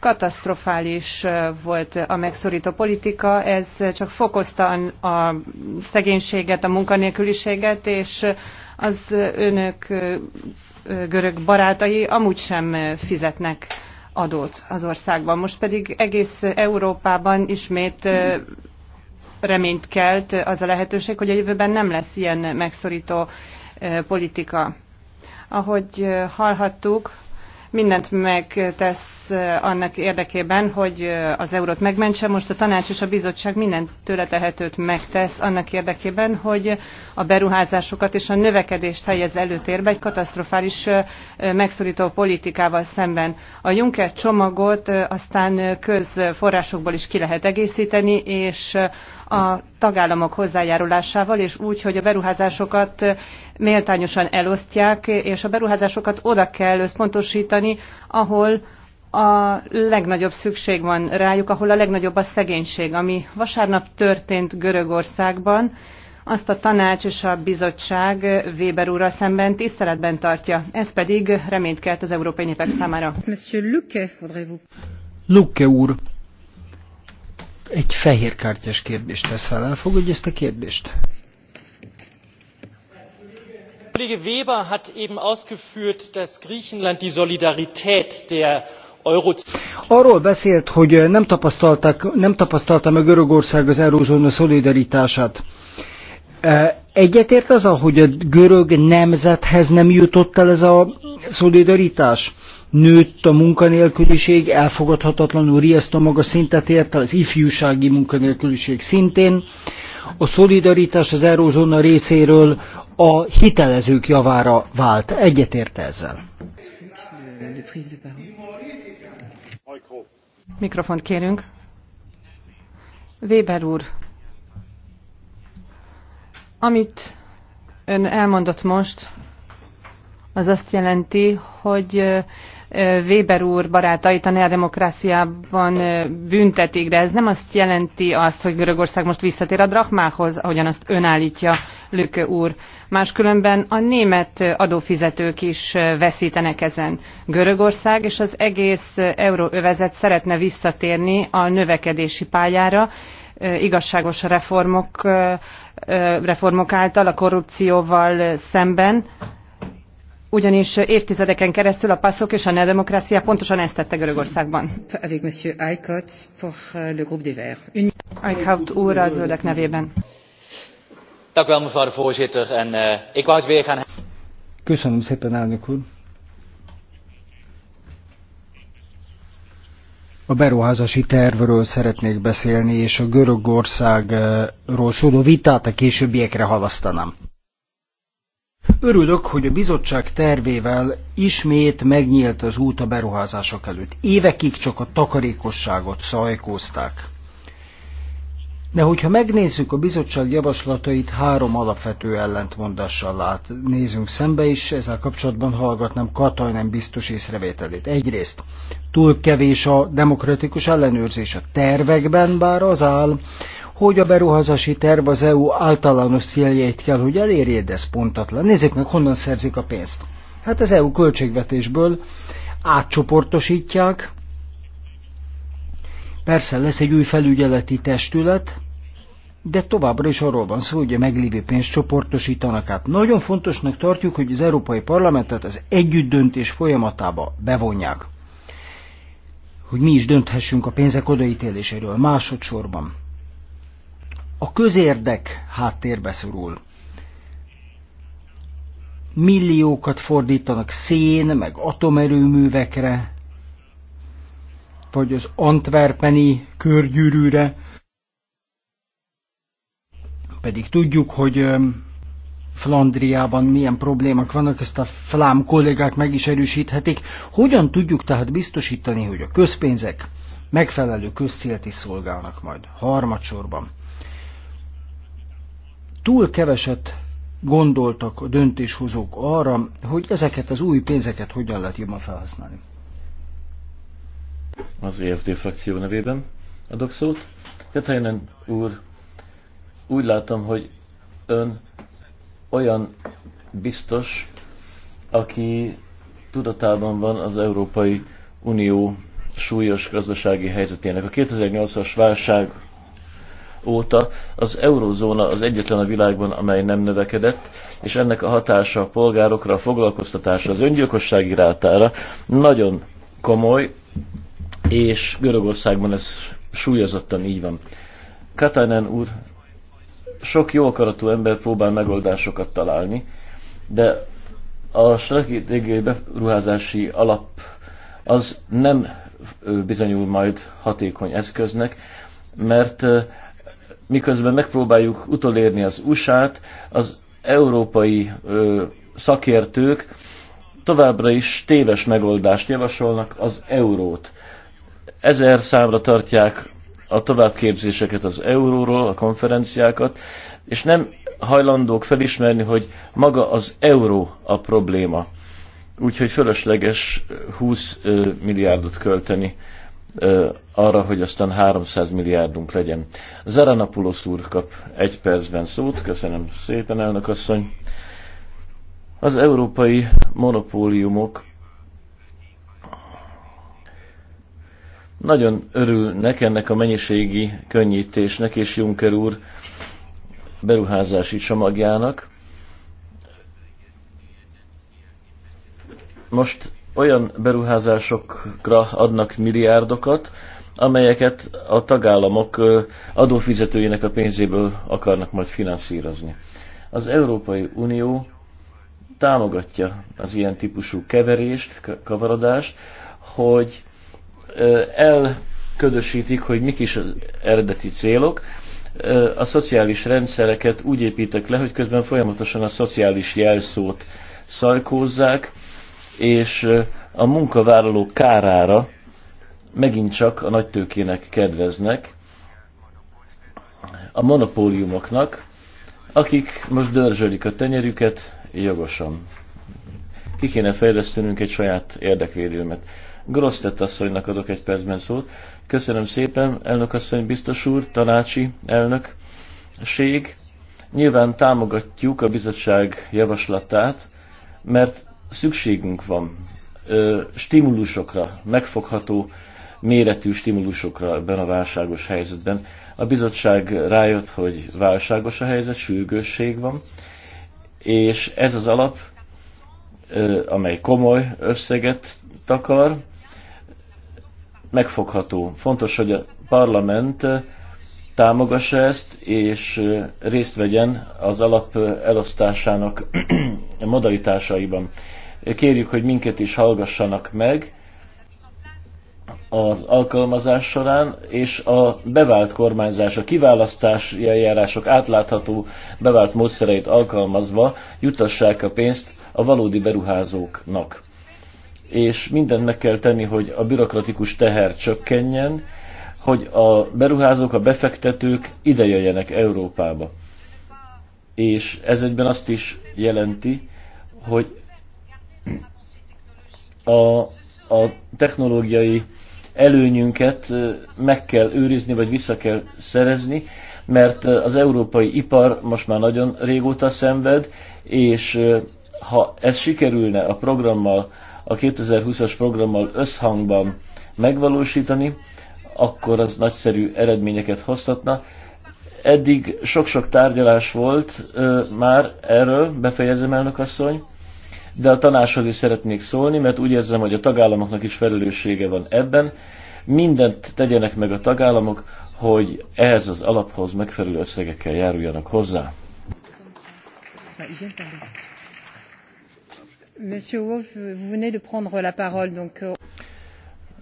katasztrofális volt a megszorító politika, ez csak fokozta a szegénységet, a munkanélküliséget, és az önök görög barátai amúgy sem fizetnek adót az országban. Most pedig egész Európában ismét reményt kelt az a lehetőség, hogy a jövőben nem lesz ilyen megszorító politika. Ahogy hallhattuk, mindent megtesz eh, annak érdekében, hogy eh, az eurót megmentse. Most a tanács és a bizottság mindent tőle tehetőt megtesz annak érdekében, hogy a beruházásokat és a növekedést helyez előtérbe egy katasztrofális eh, megszorító politikával szemben. A Juncker csomagot aztán közforrásokból is ki lehet egészíteni, és a tagállamok hozzájárulásával, és úgy, hogy a beruházásokat méltányosan elosztják, és a beruházásokat oda kell összpontosítani, ahol a legnagyobb szükség van rájuk, ahol a legnagyobb a szegénység, ami vasárnap történt Görögországban, azt a tanács és a bizottság Weber úrral szemben tiszteletben tartja. Ez pedig reményt kelt az európai népek számára. Monsieur Luke, Luke úr, egy fehér kártyás kérdést tesz fel. Elfogadja ezt a kérdést? kollege weber hat eben ausgeführt dass griechenland die solidarität der Arról beszélt, hogy nem, tapasztalták, nem tapasztalta meg Görögország az eurózóna szolidaritását. E, egyetért az, hogy a görög nemzethez nem jutott el ez a szolidaritás? nőtt a munkanélküliség, elfogadhatatlanul riasztó maga szintet érte, az ifjúsági munkanélküliség szintén. A szolidaritás az eurózóna részéről a hitelezők javára vált. Egyetért -e ezzel. Mikrofont kérünk. Weber úr, amit ön elmondott most, az azt jelenti, hogy Weber úr barátait a neodemokráciában büntetik, de ez nem azt jelenti azt, hogy Görögország most visszatér a drachmához, ahogyan azt ön állítja Lüke úr. Máskülönben a német adófizetők is veszítenek ezen. Görögország és az egész euróövezet szeretne visszatérni a növekedési pályára, igazságos reformok, reformok által, a korrupcióval szemben, ugyanis évtizedeken keresztül a passzok és a nedemokrácia pontosan ezt tette Görögországban. Eichhout euh, úr a zöldek nevében. Eh, Köszönöm szépen, elnök úr. A beruházási tervről szeretnék beszélni, és a Görögországról szóló vitát a későbbiekre halasztanám. Örülök, hogy a bizottság tervével ismét megnyílt az út a beruházások előtt. Évekig csak a takarékosságot szajkózták. De hogyha megnézzük a bizottság javaslatait, három alapvető ellentmondással lát. Nézzünk szembe is, ezzel kapcsolatban hallgatnám Katajnem biztos észrevételét. Egyrészt túl kevés a demokratikus ellenőrzés a tervekben, bár az áll, hogy a beruházási terv az EU általános céljait kell, hogy elérje, de ez pontatlan. Nézzék meg, honnan szerzik a pénzt. Hát az EU költségvetésből átcsoportosítják. Persze lesz egy új felügyeleti testület, de továbbra is arról van szó, hogy a meglévő pénzt csoportosítanak át. Nagyon fontosnak tartjuk, hogy az Európai Parlamentet az együttdöntés folyamatába bevonják hogy mi is dönthessünk a pénzek odaítéléséről másodszorban a közérdek háttérbe szorul. Milliókat fordítanak szén, meg atomerőművekre, vagy az antwerpeni körgyűrűre, pedig tudjuk, hogy Flandriában milyen problémák vannak, ezt a flám kollégák meg is erősíthetik. Hogyan tudjuk tehát biztosítani, hogy a közpénzek megfelelő közszélt is szolgálnak majd harmadsorban? túl keveset gondoltak a döntéshozók arra, hogy ezeket az új pénzeket hogyan lehet jobban felhasználni. Az EFD frakció nevében adok szót. Katainen úr, úgy látom, hogy ön olyan biztos, aki tudatában van az Európai Unió súlyos gazdasági helyzetének. A 2008-as válság óta az eurózóna az egyetlen a világban, amely nem növekedett, és ennek a hatása a polgárokra, a foglalkoztatásra, az öngyilkossági rátára nagyon komoly, és Görögországban ez súlyozottan így van. Katainen úr sok jó akaratú ember próbál megoldásokat találni, de a stratégiai beruházási alap az nem bizonyul majd hatékony eszköznek, mert miközben megpróbáljuk utolérni az USA-t, az európai ö, szakértők továbbra is téves megoldást javasolnak, az eurót. Ezer számra tartják a továbbképzéseket az euróról, a konferenciákat, és nem hajlandók felismerni, hogy maga az euró a probléma. Úgyhogy fölösleges 20 milliárdot költeni arra, hogy aztán 300 milliárdunk legyen. Zaranapulosz úr kap egy percben szót, köszönöm szépen, elnök asszony. Az európai monopóliumok nagyon örülnek ennek a mennyiségi könnyítésnek és Juncker úr beruházási csomagjának. Most olyan beruházásokra adnak milliárdokat, amelyeket a tagállamok adófizetőinek a pénzéből akarnak majd finanszírozni. Az Európai Unió támogatja az ilyen típusú keverést, kavarodást, hogy elködösítik, hogy mik is az eredeti célok. A szociális rendszereket úgy építek le, hogy közben folyamatosan a szociális jelszót szajkózzák, és a munkavállaló kárára megint csak a nagytőkének kedveznek, a monopóliumoknak, akik most dörzsölik a tenyerüket jogosan. Ki kéne fejlesztenünk egy saját érdekvédelmet. Grosztett asszonynak adok egy percben szót. Köszönöm szépen, elnök asszony, biztos úr, tanácsi ség Nyilván támogatjuk a bizottság javaslatát, mert szükségünk van stimulusokra, megfogható méretű stimulusokra ebben a válságos helyzetben. A bizottság rájött, hogy válságos a helyzet, sürgősség van, és ez az alap, amely komoly összeget takar, megfogható. Fontos, hogy a parlament támogassa ezt, és részt vegyen az alap elosztásának modalitásaiban. Kérjük, hogy minket is hallgassanak meg az alkalmazás során, és a bevált kormányzás, a kiválasztási eljárások átlátható bevált módszereit alkalmazva jutassák a pénzt a valódi beruházóknak. És mindent meg kell tenni, hogy a bürokratikus teher csökkenjen, hogy a beruházók, a befektetők jöjjenek Európába. És ez egyben azt is jelenti, hogy a, a technológiai előnyünket meg kell őrizni, vagy vissza kell szerezni, mert az európai ipar most már nagyon régóta szenved, és ha ez sikerülne a programmal, a 2020-as programmal összhangban megvalósítani, akkor az nagyszerű eredményeket hozhatna. Eddig sok-sok tárgyalás volt már erről, befejezem elnök asszony, de a tanáshoz is szeretnék szólni, mert úgy érzem, hogy a tagállamoknak is felelőssége van ebben. Mindent tegyenek meg a tagállamok, hogy ehhez az alaphoz megfelelő összegekkel járuljanak hozzá. Monsieur Wolf, vous venez de prendre la parole, donc... Euh,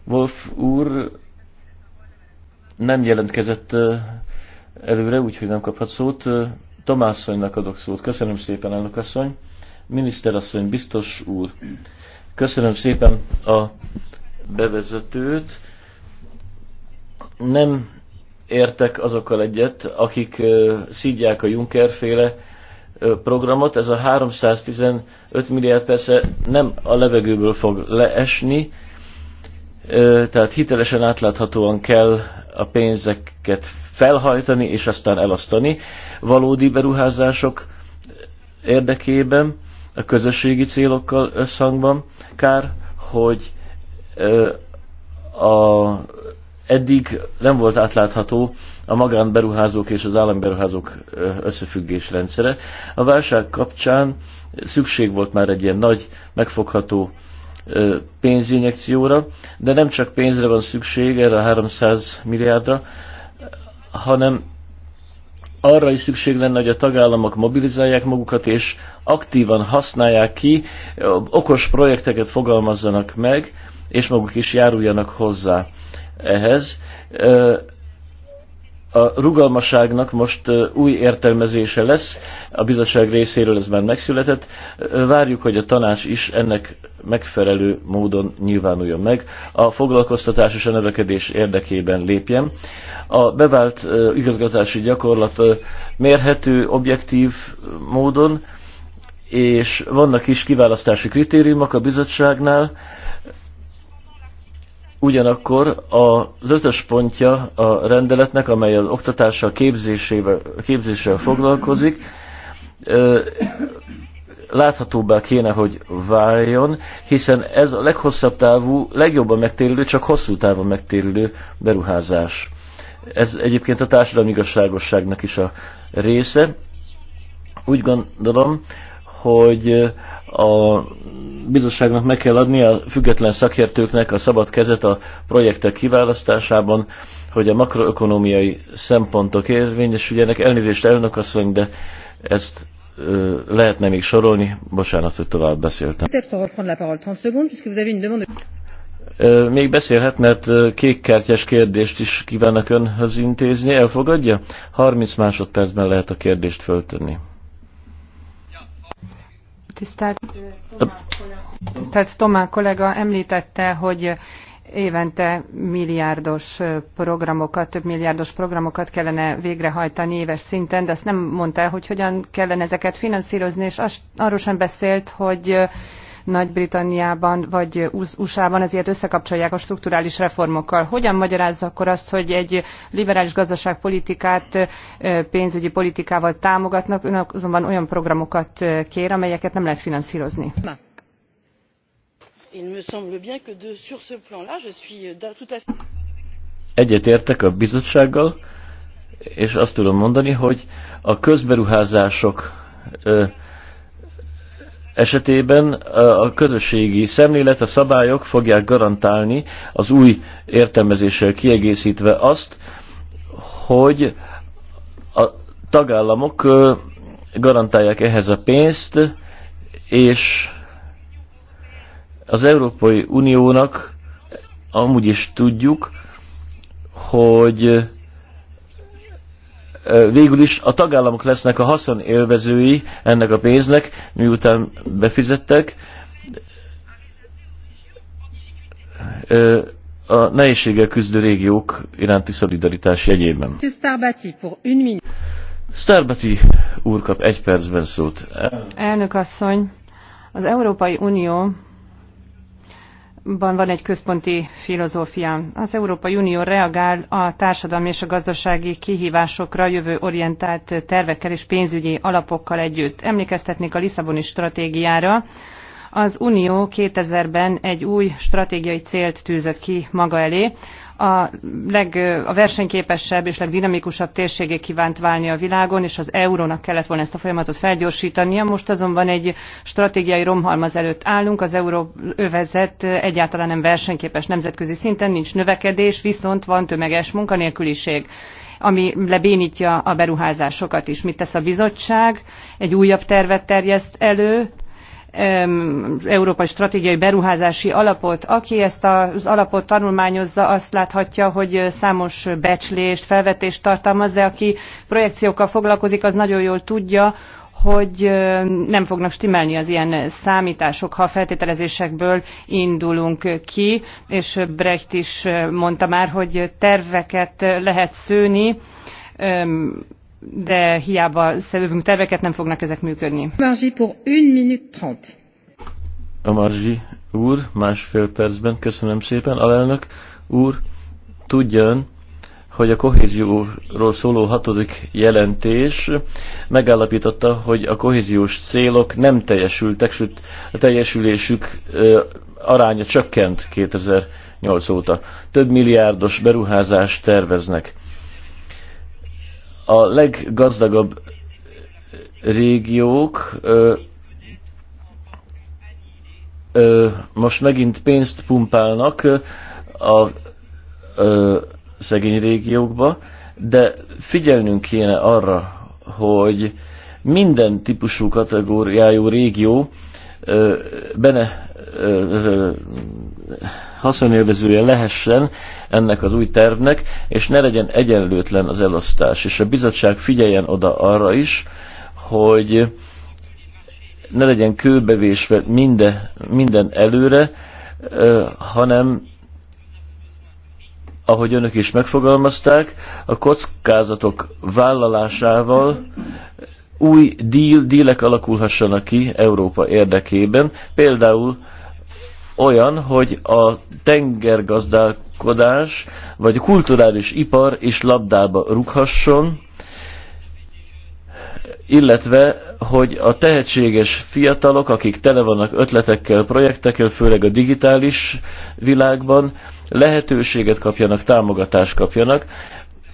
Wolf úr nem jelentkezett euh, előre, úgyhogy nem kaphat szót. Euh, Tomászonynak adok szót. Köszönöm szépen, elnök asszony miniszterasszony, biztos úr, köszönöm szépen a bevezetőt. Nem értek azokkal egyet, akik szídják a Juncker féle programot. Ez a 315 milliárd persze nem a levegőből fog leesni, tehát hitelesen átláthatóan kell a pénzeket felhajtani és aztán elasztani valódi beruházások érdekében a közösségi célokkal összhangban. Kár, hogy a, eddig nem volt átlátható a magánberuházók és az államberuházók összefüggés rendszere. A válság kapcsán szükség volt már egy ilyen nagy, megfogható pénzinjekcióra, de nem csak pénzre van szükség, erre a 300 milliárdra, hanem arra is szükség lenne, hogy a tagállamok mobilizálják magukat, és aktívan használják ki, okos projekteket fogalmazzanak meg, és maguk is járuljanak hozzá ehhez a rugalmasságnak most új értelmezése lesz, a bizottság részéről ez már megszületett. Várjuk, hogy a tanács is ennek megfelelő módon nyilvánuljon meg, a foglalkoztatás és a növekedés érdekében lépjen. A bevált igazgatási gyakorlat mérhető, objektív módon, és vannak is kiválasztási kritériumok a bizottságnál, Ugyanakkor az ötös pontja a rendeletnek, amely az oktatással, képzésével, képzéssel foglalkozik, láthatóbbá kéne, hogy váljon, hiszen ez a leghosszabb távú, legjobban megtérülő, csak hosszú távon megtérülő beruházás. Ez egyébként a társadalmi igazságosságnak is a része. Úgy gondolom, hogy a bizottságnak meg kell adni a független szakértőknek a szabad kezet a projektek kiválasztásában, hogy a makroökonomiai szempontok érvényesüljenek. Elnézést, elnök asszony, de ezt lehet lehetne még sorolni. Bocsánat, hogy tovább beszéltem. még beszélhet, mert kékkártyás kérdést is kívánnak önhöz intézni. Elfogadja? 30 másodpercben lehet a kérdést föltenni. Tisztelt, tisztelt Tomá kollega említette, hogy évente milliárdos programokat, több milliárdos programokat kellene végrehajtani éves szinten, de azt nem mondta el, hogy hogyan kellene ezeket finanszírozni, és azt, arról sem beszélt, hogy nagy-Britanniában vagy USA-ban, ezért összekapcsolják a strukturális reformokkal. Hogyan magyarázza akkor azt, hogy egy liberális gazdaságpolitikát pénzügyi politikával támogatnak, önök azonban olyan programokat kér, amelyeket nem lehet finanszírozni? Egyet euh, értek egyetértek a bizottsággal, és azt tudom mondani, hogy a közberuházások esetében a közösségi szemlélet, a szabályok fogják garantálni az új értelmezéssel kiegészítve azt, hogy a tagállamok garantálják ehhez a pénzt, és az Európai Uniónak amúgy is tudjuk, hogy végül is a tagállamok lesznek a élvezői ennek a pénznek, miután befizettek. A nehézséggel küzdő régiók iránti szolidaritás jegyében. Starbati úr kap egy percben szót. Elnök asszony, az Európai Unió Ban van egy központi filozófia. Az Európai Unió reagál a társadalmi és a gazdasági kihívásokra orientált tervekkel és pénzügyi alapokkal együtt. Emlékeztetnék a Lisszaboni stratégiára. Az Unió 2000-ben egy új stratégiai célt tűzött ki maga elé, a, leg, a versenyképesebb és legdinamikusabb térségé kívánt válni a világon, és az eurónak kellett volna ezt a folyamatot felgyorsítania. Most azonban egy stratégiai romhalmaz előtt állunk, az euróövezet egyáltalán nem versenyképes nemzetközi szinten, nincs növekedés, viszont van tömeges munkanélküliség ami lebénítja a beruházásokat is. Mit tesz a bizottság? Egy újabb tervet terjeszt elő, Európai Stratégiai Beruházási Alapot. Aki ezt az alapot tanulmányozza, azt láthatja, hogy számos becslést, felvetést tartalmaz, de aki projekciókkal foglalkozik, az nagyon jól tudja, hogy nem fognak stimelni az ilyen számítások, ha feltételezésekből indulunk ki, és Brecht is mondta már, hogy terveket lehet szőni, de hiába szövünk terveket, nem fognak ezek működni. Marzsi pour 1 minute 30. A Margi úr, másfél percben, köszönöm szépen. Alelnök úr, tudjon, hogy a kohézióról szóló hatodik jelentés megállapította, hogy a kohéziós célok nem teljesültek, sőt a teljesülésük aránya csökkent 2008 óta. Több milliárdos beruházást terveznek. A leggazdagabb régiók ö, ö, most megint pénzt pumpálnak a ö, szegény régiókba, de figyelnünk kéne arra, hogy minden típusú kategóriájú régió ö, benne haszonélvezője lehessen ennek az új tervnek, és ne legyen egyenlőtlen az elosztás. És a bizottság figyeljen oda arra is, hogy ne legyen kőbevésve minden, minden előre, hanem ahogy önök is megfogalmazták, a kockázatok vállalásával új díl, dílek alakulhassanak ki Európa érdekében, például olyan, hogy a tengergazdálkodás vagy a kulturális ipar is labdába rúghasson, illetve, hogy a tehetséges fiatalok, akik tele vannak ötletekkel, projektekkel, főleg a digitális világban, lehetőséget kapjanak, támogatást kapjanak.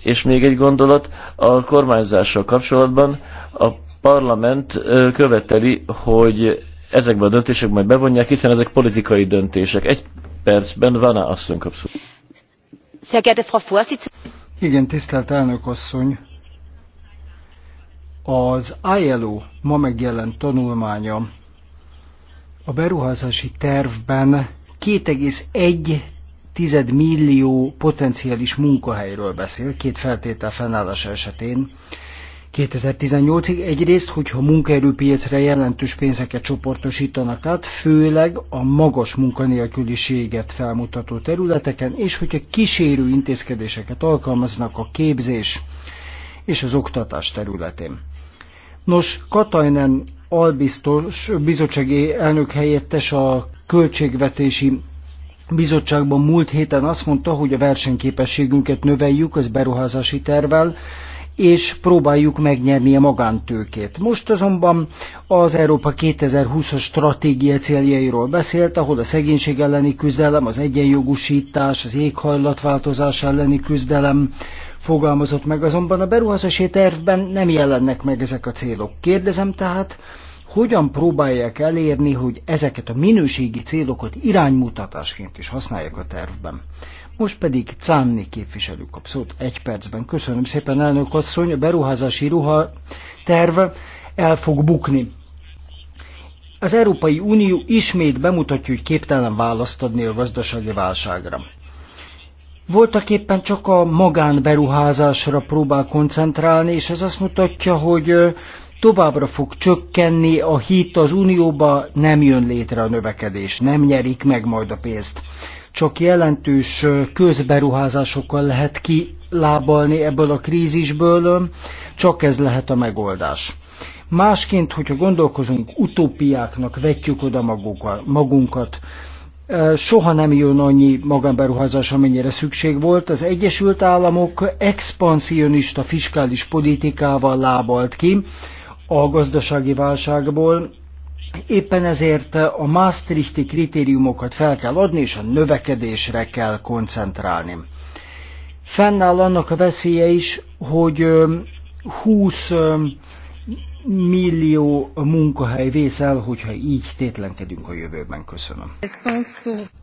És még egy gondolat, a kormányzással kapcsolatban a parlament követeli, hogy ezekben a döntések majd bevonják, hiszen ezek politikai döntések. Egy percben van a asszony kapszul. Igen, tisztelt elnök asszony! Az ILO ma megjelent tanulmánya a beruházási tervben 2,1 millió potenciális munkahelyről beszél, két feltétel fennállása esetén. 2018-ig egyrészt, hogyha munkaerőpiacra jelentős pénzeket csoportosítanak át, főleg a magas munkanélküliséget felmutató területeken, és hogyha kísérő intézkedéseket alkalmaznak a képzés és az oktatás területén. Nos, Katajnen albiztos bizottsági elnök helyettes a költségvetési bizottságban múlt héten azt mondta, hogy a versenyképességünket növeljük az beruházási tervvel, és próbáljuk megnyerni a magántőkét. Most azonban az Európa 2020-as stratégia céljairól beszélt, ahol a szegénység elleni küzdelem, az egyenjogúsítás, az éghajlatváltozás elleni küzdelem fogalmazott meg, azonban a beruházási tervben nem jelennek meg ezek a célok. Kérdezem tehát, hogyan próbálják elérni, hogy ezeket a minőségi célokat iránymutatásként is használják a tervben. Most pedig Cánni képviselő kap szót egy percben. Köszönöm szépen, elnök asszony, a beruházási ruha terve el fog bukni. Az Európai Unió ismét bemutatja, hogy képtelen választ adni a gazdasági válságra. Voltak éppen csak a magánberuházásra próbál koncentrálni, és ez azt mutatja, hogy továbbra fog csökkenni a hit az unióba, nem jön létre a növekedés, nem nyerik meg majd a pénzt csak jelentős közberuházásokkal lehet kilábalni ebből a krízisből, csak ez lehet a megoldás. Másként, hogyha gondolkozunk, utópiáknak vetjük oda magunkat. Soha nem jön annyi magánberuházás, amennyire szükség volt. Az Egyesült Államok expansionista fiskális politikával lábalt ki a gazdasági válságból, Éppen ezért a Maastrichti kritériumokat fel kell adni, és a növekedésre kell koncentrálni. Fennáll annak a veszélye is, hogy 20 millió munkahely vész el, hogyha így tétlenkedünk a jövőben. Köszönöm.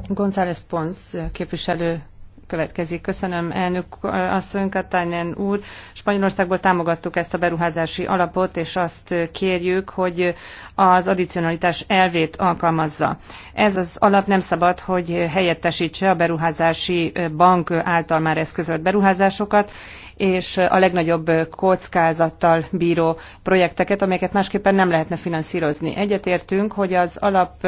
González Pons képviselő következik. Köszönöm elnök asszony Katainen úr. Spanyolországból támogattuk ezt a beruházási alapot, és azt kérjük, hogy az addicionalitás elvét alkalmazza. Ez az alap nem szabad, hogy helyettesítse a beruházási bank által már eszközölt beruházásokat, és a legnagyobb kockázattal bíró projekteket, amelyeket másképpen nem lehetne finanszírozni. Egyetértünk, hogy az alap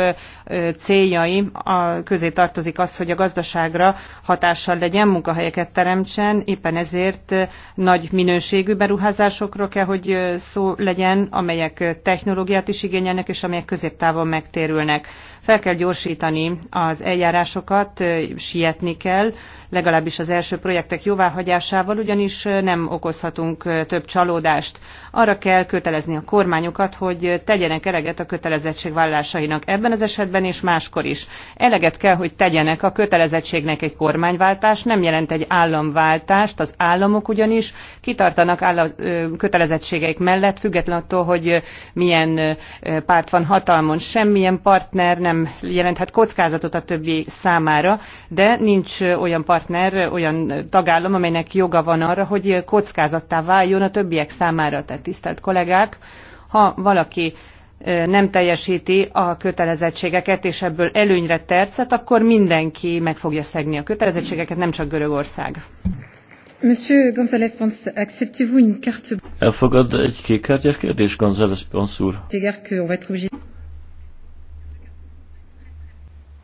céljai a közé tartozik az, hogy a gazdaságra hatással legyen, munkahelyeket teremtsen, éppen ezért nagy minőségű beruházásokról kell, hogy szó legyen, amelyek technológiát is igényelnek, és amelyek középtávon megtérülnek. Fel kell gyorsítani az eljárásokat, sietni kell, legalábbis az első projektek jóváhagyásával, ugyanis nem okozhatunk több csalódást. Arra kell kötelezni a kormányokat, hogy tegyenek eleget a kötelezettségvállásainak ebben az esetben és máskor is. Eleget kell, hogy tegyenek a kötelezettségnek egy kormányváltás, nem jelent egy államváltást, az államok ugyanis kitartanak állam, kötelezettségeik mellett, független attól, hogy milyen párt van hatalmon. Semmilyen partner nem nem jelenthet kockázatot a többi számára, de nincs olyan partner, olyan tagállam, amelynek joga van arra, hogy kockázattá váljon a többiek számára. Tehát tisztelt kollégák, ha valaki nem teljesíti a kötelezettségeket, és ebből előnyre tercet, akkor mindenki meg fogja szegni a kötelezettségeket, nem csak Görögország. Monsieur González Pons, acceptez-vous une carte Elfogad egy kékkártyás kérdés, González Pons úr?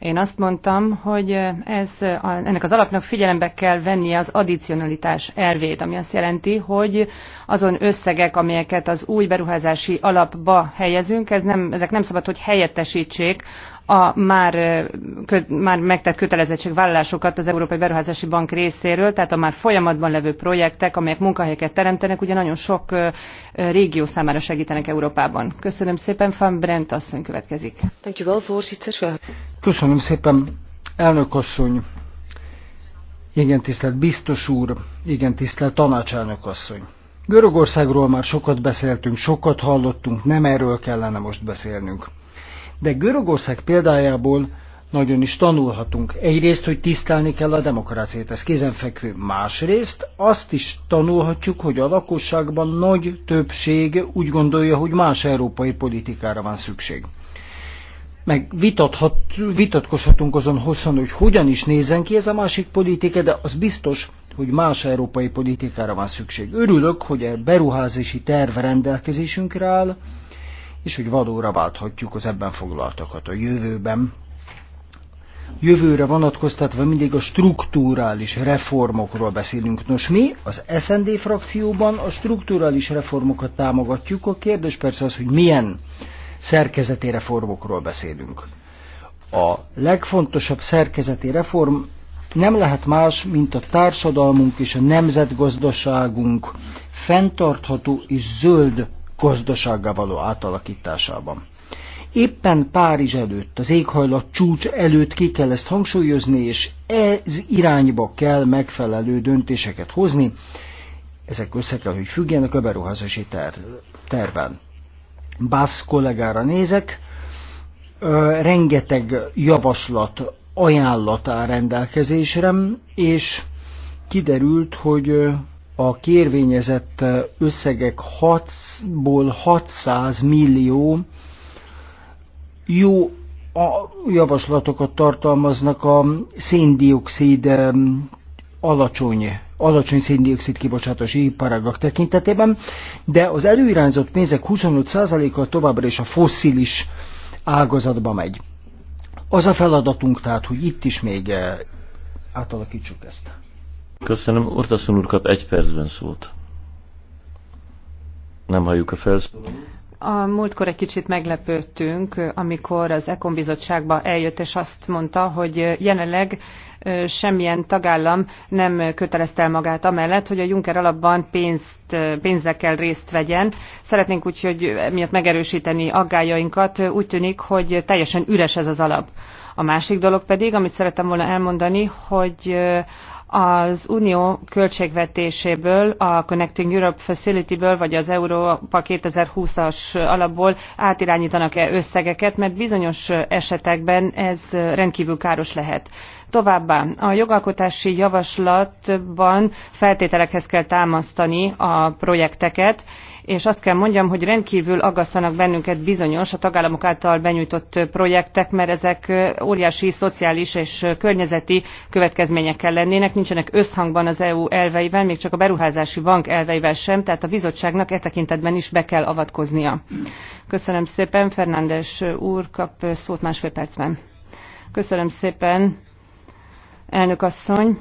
Én azt mondtam, hogy ez, ennek az alapnak figyelembe kell vennie az addicionalitás elvét, ami azt jelenti, hogy azon összegek, amelyeket az új beruházási alapba helyezünk, ez nem, ezek nem szabad, hogy helyettesítsék a már, kö, már megtett kötelezettségvállalásokat az Európai Beruházási Bank részéről, tehát a már folyamatban levő projektek, amelyek munkahelyeket teremtenek, ugye nagyon sok régió számára segítenek Európában. Köszönöm szépen, Van Brent asszony következik. Köszönöm szépen, elnök asszony. Igen, tisztelt biztos úr, igen, tisztelt tanácselnök asszony. Görögországról már sokat beszéltünk, sokat hallottunk, nem erről kellene most beszélnünk. De Görögország példájából nagyon is tanulhatunk. Egyrészt, hogy tisztelni kell a demokráciát, ez kézenfekvő. Másrészt azt is tanulhatjuk, hogy a lakosságban nagy többség úgy gondolja, hogy más európai politikára van szükség. Meg vitatkozhatunk azon hosszan, hogy hogyan is nézen ki ez a másik politika, de az biztos, hogy más európai politikára van szükség. Örülök, hogy a beruházási terv rendelkezésünkre áll, és hogy valóra válthatjuk az ebben foglaltakat a jövőben. Jövőre vonatkoztatva mindig a strukturális reformokról beszélünk. Nos, mi az SND frakcióban a strukturális reformokat támogatjuk. A kérdés persze az, hogy milyen szerkezeti reformokról beszélünk. A legfontosabb szerkezeti reform nem lehet más, mint a társadalmunk és a nemzetgazdaságunk fenntartható és zöld gazdasággá való átalakításában. Éppen Párizs előtt, az éghajlat csúcs előtt ki kell ezt hangsúlyozni, és ez irányba kell megfelelő döntéseket hozni. Ezek össze kell, hogy függjenek a beruházási ter- terven. Bász kollégára nézek, rengeteg javaslat, ajánlat áll rendelkezésre, és kiderült, hogy a kérvényezett összegek 6-ból 600 millió jó a javaslatokat tartalmaznak a széndiokszid alacsony, alacsony széndiokszid kibocsátási iparágak tekintetében, de az előirányzott pénzek 25%-a továbbra is a fosszilis ágazatba megy. Az a feladatunk tehát, hogy itt is még eh, átalakítsuk ezt. Köszönöm. Ortaszon úr kap egy percben szót. Nem halljuk a felszólalót. A múltkor egy kicsit meglepődtünk, amikor az Ekon bizottságba eljött, és azt mondta, hogy jelenleg semmilyen tagállam nem kötelezte el magát amellett, hogy a Juncker alapban pénzt, pénzekkel részt vegyen. Szeretnénk úgy, hogy miatt megerősíteni aggájainkat. Úgy tűnik, hogy teljesen üres ez az alap. A másik dolog pedig, amit szerettem volna elmondani, hogy az unió költségvetéséből, a Connecting Europe Facility-ből, vagy az Európa 2020-as alapból átirányítanak-e összegeket, mert bizonyos esetekben ez rendkívül káros lehet. Továbbá a jogalkotási javaslatban feltételekhez kell támasztani a projekteket, és azt kell mondjam, hogy rendkívül aggasztanak bennünket bizonyos a tagállamok által benyújtott projektek, mert ezek óriási szociális és környezeti következményekkel lennének, nincsenek összhangban az EU elveivel, még csak a beruházási bank elveivel sem, tehát a bizottságnak e tekintetben is be kell avatkoznia. Köszönöm szépen, Fernándes úr kap szót másfél percben. Köszönöm szépen, elnök asszony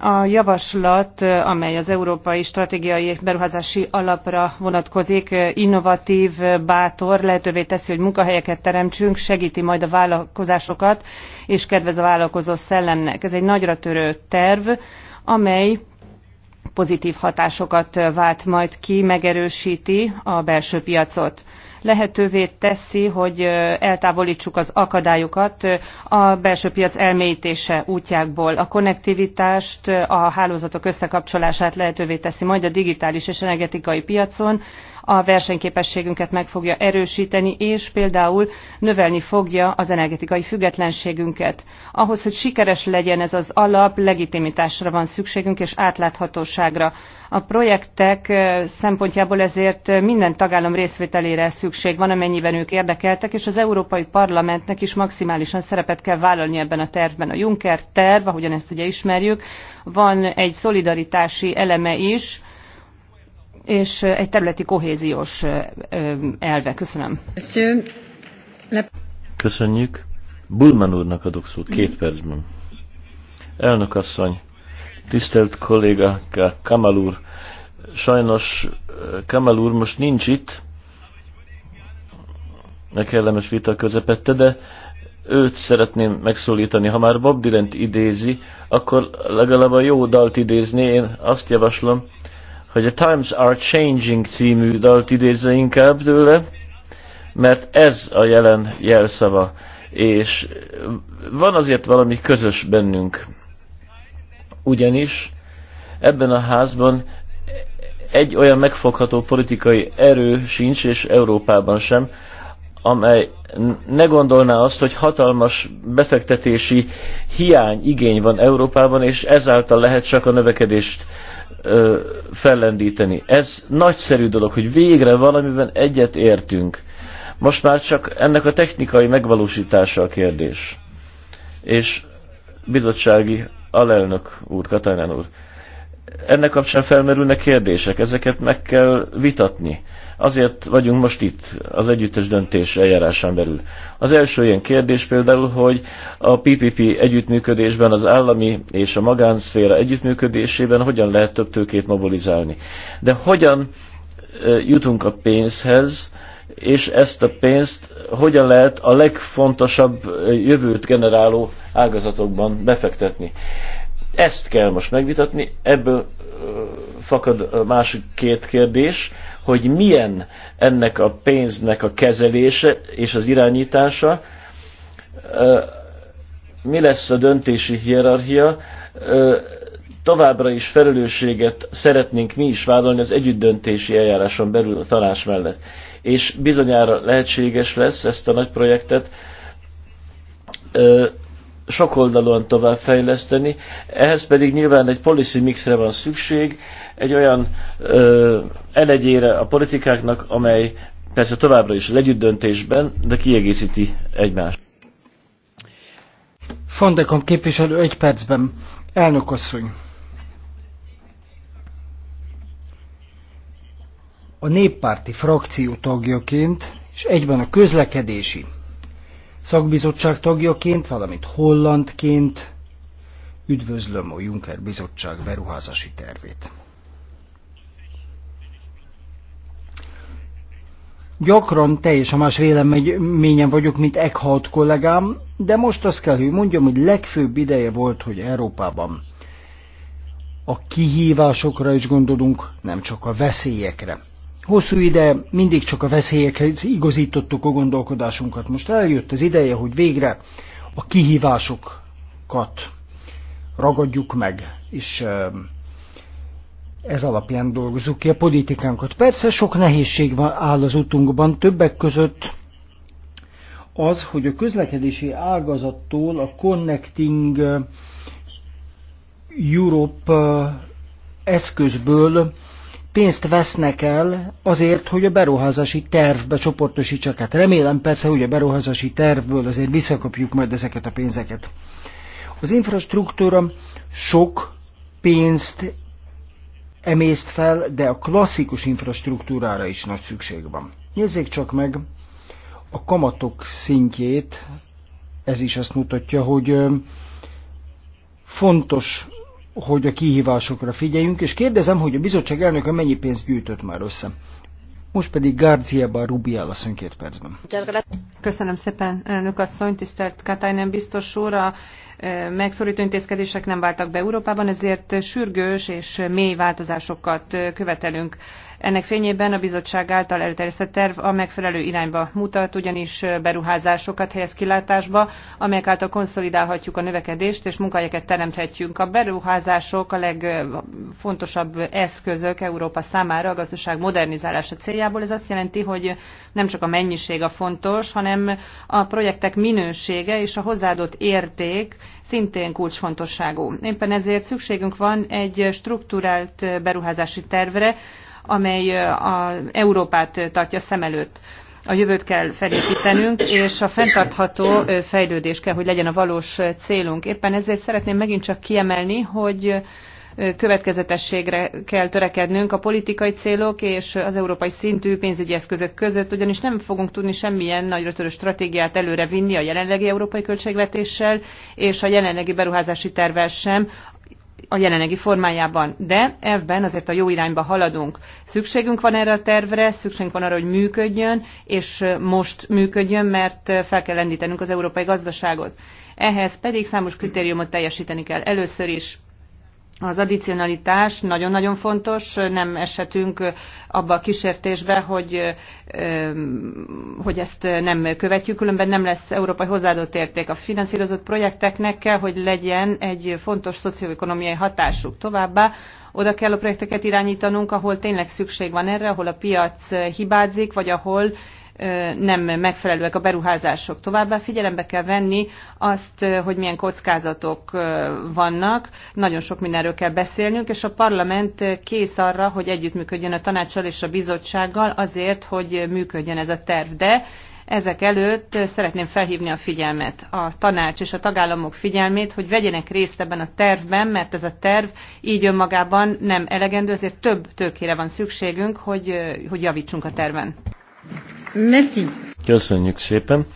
a javaslat, amely az Európai Stratégiai Beruházási Alapra vonatkozik, innovatív, bátor, lehetővé teszi, hogy munkahelyeket teremtsünk, segti majd a vállalkozásokat, és kedvez a vállalkozó szellemnek. Ez egy nagyra törő terv, amely pozitív hatásokat vált majd ki, megerősíti a belső piacot lehetővé teszi, hogy eltávolítsuk az akadályokat a belső piac elmélyítése útjákból. A konnektivitást, a hálózatok összekapcsolását lehetővé teszi majd a digitális és energetikai piacon, a versenyképességünket meg fogja erősíteni, és például növelni fogja az energetikai függetlenségünket. Ahhoz, hogy sikeres legyen ez az alap, legitimitásra van szükségünk, és átláthatóságra. A projektek szempontjából ezért minden tagállam részvételére szükség van, amennyiben ők érdekeltek, és az Európai Parlamentnek is maximálisan szerepet kell vállalni ebben a tervben. A Juncker terv, ahogyan ezt ugye ismerjük, van egy szolidaritási eleme is, és egy területi kohéziós elve. Köszönöm. Köszönjük. Bulman úrnak adok szót két mhm. percben. Elnök asszony, tisztelt kolléga Kamal úr, sajnos Kamal úr most nincs itt, ne kellemes vita közepette, de őt szeretném megszólítani. Ha már Bob Dylan idézi, akkor legalább a jó dalt idézni, én azt javaslom, hogy a Times Are Changing című dalt idézze inkább tőle, mert ez a jelen jelszava, és van azért valami közös bennünk. Ugyanis ebben a házban egy olyan megfogható politikai erő sincs, és Európában sem, amely ne gondolná azt, hogy hatalmas befektetési hiány, igény van Európában, és ezáltal lehet csak a növekedést ö, fellendíteni. Ez nagyszerű dolog, hogy végre valamiben egyet értünk. Most már csak ennek a technikai megvalósítása a kérdés. És bizottsági alelnök úr, Katajnán úr, ennek kapcsán felmerülnek kérdések, ezeket meg kell vitatni. Azért vagyunk most itt, az együttes döntés eljárásán belül. Az első ilyen kérdés például, hogy a PPP együttműködésben, az állami és a magánszféra együttműködésében hogyan lehet több tőkét mobilizálni. De hogyan jutunk a pénzhez, és ezt a pénzt hogyan lehet a legfontosabb jövőt generáló ágazatokban befektetni. Ezt kell most megvitatni, ebből fakad a másik két kérdés, hogy milyen ennek a pénznek a kezelése és az irányítása, mi lesz a döntési hierarchia, továbbra is felelősséget szeretnénk mi is vállalni az együttdöntési eljáráson belül a tanács mellett. És bizonyára lehetséges lesz ezt a nagy projektet sokoldalúan továbbfejleszteni, ehhez pedig nyilván egy policy mixre van szükség, egy olyan ö, elegyére a politikáknak, amely persze továbbra is legyütt döntésben, de kiegészíti egymást. Fondekom képviselő egy percben. Elnök asszony. A néppárti frakció tagjaként, és egyben a közlekedési szakbizottság tagjaként, valamint hollandként üdvözlöm a Juncker bizottság beruházási tervét. Gyakran teljesen más véleményen vagyok, mint Eckhout kollégám, de most azt kell, hogy mondjam, hogy legfőbb ideje volt, hogy Európában a kihívásokra is gondolunk, nem csak a veszélyekre. Hosszú ide mindig csak a veszélyekhez igazítottuk a gondolkodásunkat. Most eljött az ideje, hogy végre a kihívásokat ragadjuk meg, és ehm, ez alapján dolgozzuk ki a politikánkat. Persze sok nehézség van, áll az utunkban, többek között az, hogy a közlekedési ágazattól a Connecting Europe eh, eszközből pénzt vesznek el azért, hogy a beruházási tervbe csoportosítsák. Hát remélem persze, hogy a beruházási tervből azért visszakapjuk majd ezeket a pénzeket. Az infrastruktúra sok pénzt emészt fel, de a klasszikus infrastruktúrára is nagy szükség van. Nézzék csak meg a kamatok szintjét, ez is azt mutatja, hogy fontos hogy a kihívásokra figyeljünk, és kérdezem, hogy a bizottság elnöke mennyi pénzt gyűjtött már össze. Most pedig Garciaba Rubiel asszony két percben. Köszönöm szépen, elnök asszony, tisztelt Katainen biztos úr. A e, megszorító intézkedések nem váltak be Európában, ezért sürgős és mély változásokat e, követelünk. Ennek fényében a bizottság által elterjesztett terv a megfelelő irányba mutat, ugyanis beruházásokat helyez kilátásba, amelyek által konszolidálhatjuk a növekedést és munkahelyeket teremthetjünk. A beruházások a legfontosabb eszközök Európa számára a gazdaság modernizálása céljából. Ez azt jelenti, hogy nem csak a mennyiség a fontos, hanem a projektek minősége és a hozzáadott érték szintén kulcsfontosságú. Éppen ezért szükségünk van egy struktúrált beruházási tervre, amely a Európát tartja szem előtt. A jövőt kell felépítenünk, és a fenntartható fejlődés kell, hogy legyen a valós célunk. Éppen ezért szeretném megint csak kiemelni, hogy következetességre kell törekednünk a politikai célok és az európai szintű pénzügyi eszközök között, ugyanis nem fogunk tudni semmilyen nagyra törő stratégiát előre vinni a jelenlegi európai költségvetéssel, és a jelenlegi beruházási tervel sem, a jelenlegi formájában. De ebben azért a jó irányba haladunk. Szükségünk van erre a tervre, szükségünk van arra, hogy működjön, és most működjön, mert fel kell lendítenünk az európai gazdaságot. Ehhez pedig számos kritériumot teljesíteni kell. Először is az addicionalitás nagyon-nagyon fontos, nem esetünk abba a kísértésbe, hogy, hogy ezt nem követjük, különben nem lesz európai hozzáadott érték. A finanszírozott projekteknek kell, hogy legyen egy fontos szocioekonomiai hatásuk. Továbbá oda kell a projekteket irányítanunk, ahol tényleg szükség van erre, ahol a piac hibázik, vagy ahol nem megfelelőek a beruházások. Továbbá figyelembe kell venni azt, hogy milyen kockázatok vannak, nagyon sok mindenről kell beszélnünk, és a parlament kész arra, hogy együttműködjön a tanácssal és a bizottsággal azért, hogy működjön ez a terv. De ezek előtt szeretném felhívni a figyelmet, a tanács és a tagállamok figyelmét, hogy vegyenek részt ebben a tervben, mert ez a terv így önmagában nem elegendő, ezért több tőkére van szükségünk, hogy, hogy javítsunk a terven. Merci. Köszönjük szépen.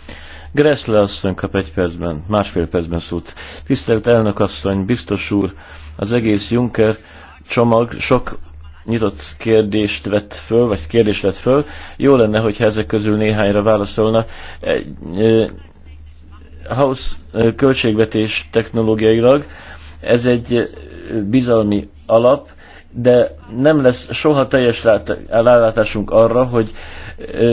Gressle asszony kap egy percben, másfél percben szót. Tisztelt elnök asszony, biztos úr, az egész Juncker csomag sok nyitott kérdést vett föl, vagy kérdést vett föl. Jó lenne, hogyha ezek közül néhányra válaszolna. Egy, e, house költségvetés technológiailag ez egy bizalmi alap, de nem lesz soha teljes rálátásunk arra, hogy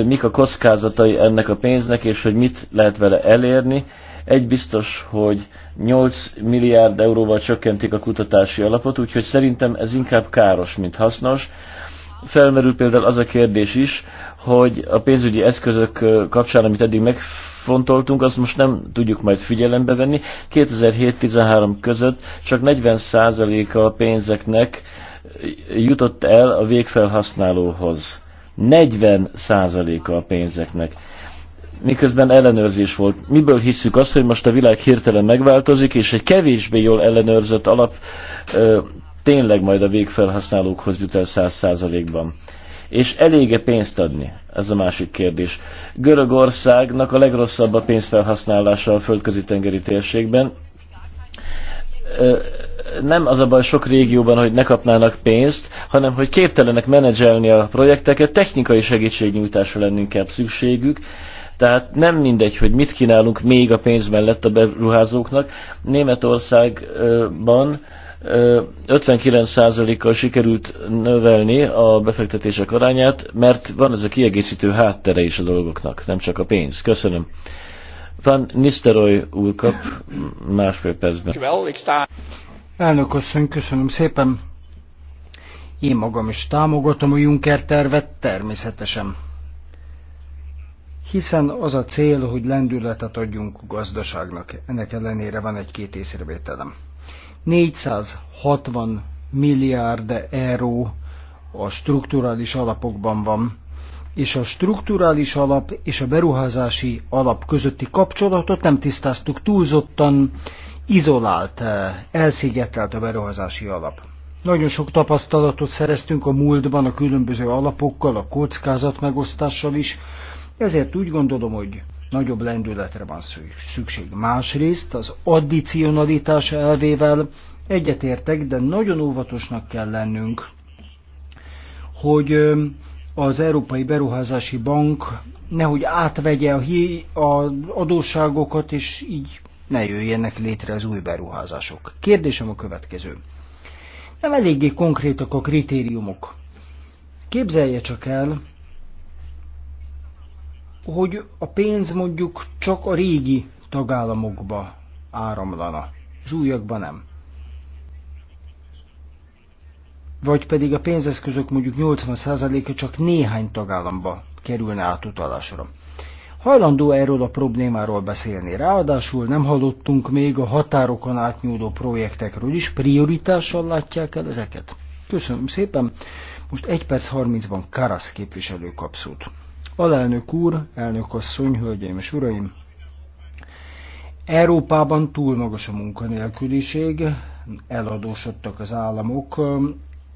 mik a kockázatai ennek a pénznek, és hogy mit lehet vele elérni. Egy biztos, hogy 8 milliárd euróval csökkentik a kutatási alapot, úgyhogy szerintem ez inkább káros, mint hasznos. Felmerül például az a kérdés is, hogy a pénzügyi eszközök kapcsán, amit eddig megfontoltunk, azt most nem tudjuk majd figyelembe venni. 2007-13 között csak 40%-a a pénzeknek jutott el a végfelhasználóhoz 40%-a a pénzeknek. Miközben ellenőrzés volt. Miből hiszük azt, hogy most a világ hirtelen megváltozik, és egy kevésbé jól ellenőrzött alap ö, tényleg majd a végfelhasználókhoz jut el 100%-ban. És elége pénzt adni? Ez a másik kérdés. Görögországnak a legrosszabb a pénzfelhasználása a földközi tengeri térségben, nem az a baj sok régióban, hogy ne kapnának pénzt, hanem hogy képtelenek menedzselni a projekteket, technikai segítségnyújtásra lenne inkább szükségük, tehát nem mindegy, hogy mit kínálunk még a pénz mellett a beruházóknak. Németországban 59%-kal sikerült növelni a befektetések arányát, mert van ez a kiegészítő háttere is a dolgoknak, nem csak a pénz. Köszönöm. Van Nisteroy úr kap másfél percben. Elnök asszony, köszönöm szépen. Én magam is támogatom a Juncker tervet, természetesen. Hiszen az a cél, hogy lendületet adjunk a gazdaságnak. Ennek ellenére van egy-két észrevételem. 460 milliárd euró a strukturális alapokban van, és a strukturális alap és a beruházási alap közötti kapcsolatot nem tisztáztuk túlzottan, izolált, eh, elszigetelt a beruházási alap. Nagyon sok tapasztalatot szereztünk a múltban a különböző alapokkal, a kockázat megosztással is, ezért úgy gondolom, hogy nagyobb lendületre van szükség. Másrészt az addicionalitás elvével egyetértek, de nagyon óvatosnak kell lennünk, hogy eh, az Európai Beruházási Bank nehogy átvegye a, hi- a adósságokat, és így ne jöjjenek létre az új beruházások. Kérdésem a következő. Nem eléggé konkrétak a kritériumok. Képzelje csak el, hogy a pénz mondjuk csak a régi tagállamokba áramlana, az újakban nem. vagy pedig a pénzeszközök mondjuk 80%-a csak néhány tagállamba kerülne átutalásra. Hajlandó erről a problémáról beszélni. Ráadásul nem hallottunk még a határokon átnyúló projektekről is, prioritással látják el ezeket. Köszönöm szépen. Most 1 perc 30-ban Karasz képviselő kapszót. Alelnök úr, elnök asszony, hölgyeim és uraim, Európában túl magas a munkanélküliség, eladósodtak az államok,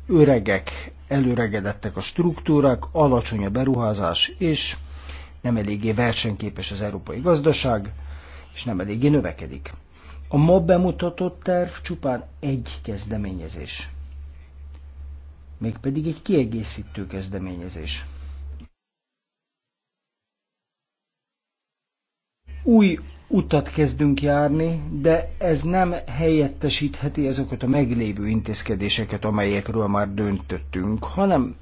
öregek, előregedettek a struktúrák, alacsony a beruházás, és nem eléggé versenyképes az európai gazdaság, és nem eléggé növekedik. A ma bemutatott terv csupán egy kezdeményezés. Mégpedig egy kiegészítő kezdeményezés. Új utat kezdünk járni, de ez nem helyettesítheti azokat a meglévő intézkedéseket, amelyekről már döntöttünk, hanem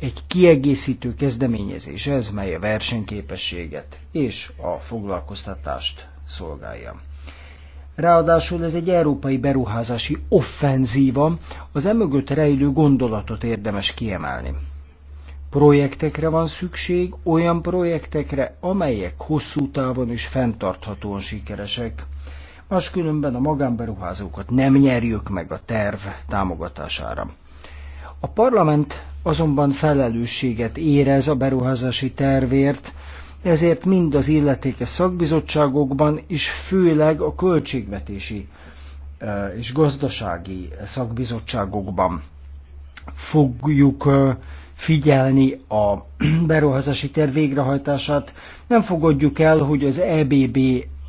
egy kiegészítő kezdeményezés ez, mely a versenyképességet és a foglalkoztatást szolgálja. Ráadásul ez egy európai beruházási offenzíva, az emögött rejlő gondolatot érdemes kiemelni projektekre van szükség, olyan projektekre, amelyek hosszú távon és fenntarthatóan sikeresek. Máskülönben a magánberuházókat nem nyerjük meg a terv támogatására. A parlament azonban felelősséget érez a beruházási tervért, ezért mind az illetékes szakbizottságokban, és főleg a költségvetési e, és gazdasági szakbizottságokban fogjuk e, figyelni a beruházási terv végrehajtását. Nem fogadjuk el, hogy az EBB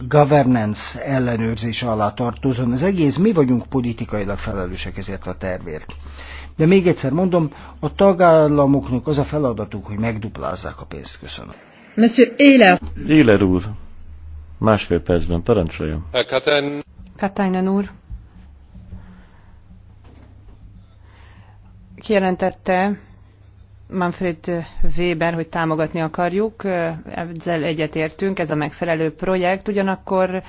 governance ellenőrzése alá tartozom. Az egész mi vagyunk politikailag felelősek ezért a tervért. De még egyszer mondom, a tagállamoknak az a feladatuk, hogy megduplázzák a pénzt. Köszönöm. Monsieur Éler. Éler úr. Másfél percben parancsoljon. Katainen. Katainen úr. Kijelentette, Manfred Weber, hogy támogatni akarjuk, ezzel egyetértünk, ez a megfelelő projekt, ugyanakkor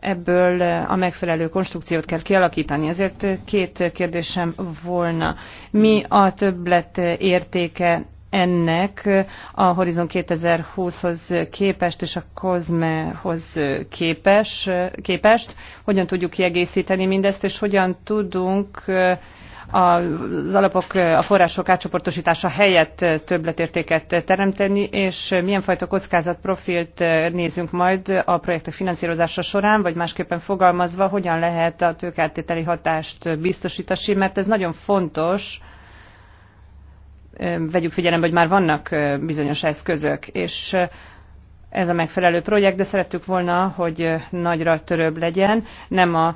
ebből a megfelelő konstrukciót kell kialakítani. Ezért két kérdésem volna. Mi a többlet értéke ennek a Horizon 2020-hoz képest és a COSME-hoz képes, képest, hogyan tudjuk kiegészíteni mindezt, és hogyan tudunk az alapok, a források átcsoportosítása helyett többletértéket teremteni, és milyen fajta kockázatprofilt nézünk majd a projektek finanszírozása során, vagy másképpen fogalmazva, hogyan lehet a tőkártételi hatást biztosítani, mert ez nagyon fontos, vegyük figyelembe, hogy már vannak bizonyos eszközök, és ez a megfelelő projekt, de szerettük volna, hogy nagyra törőbb legyen. Nem a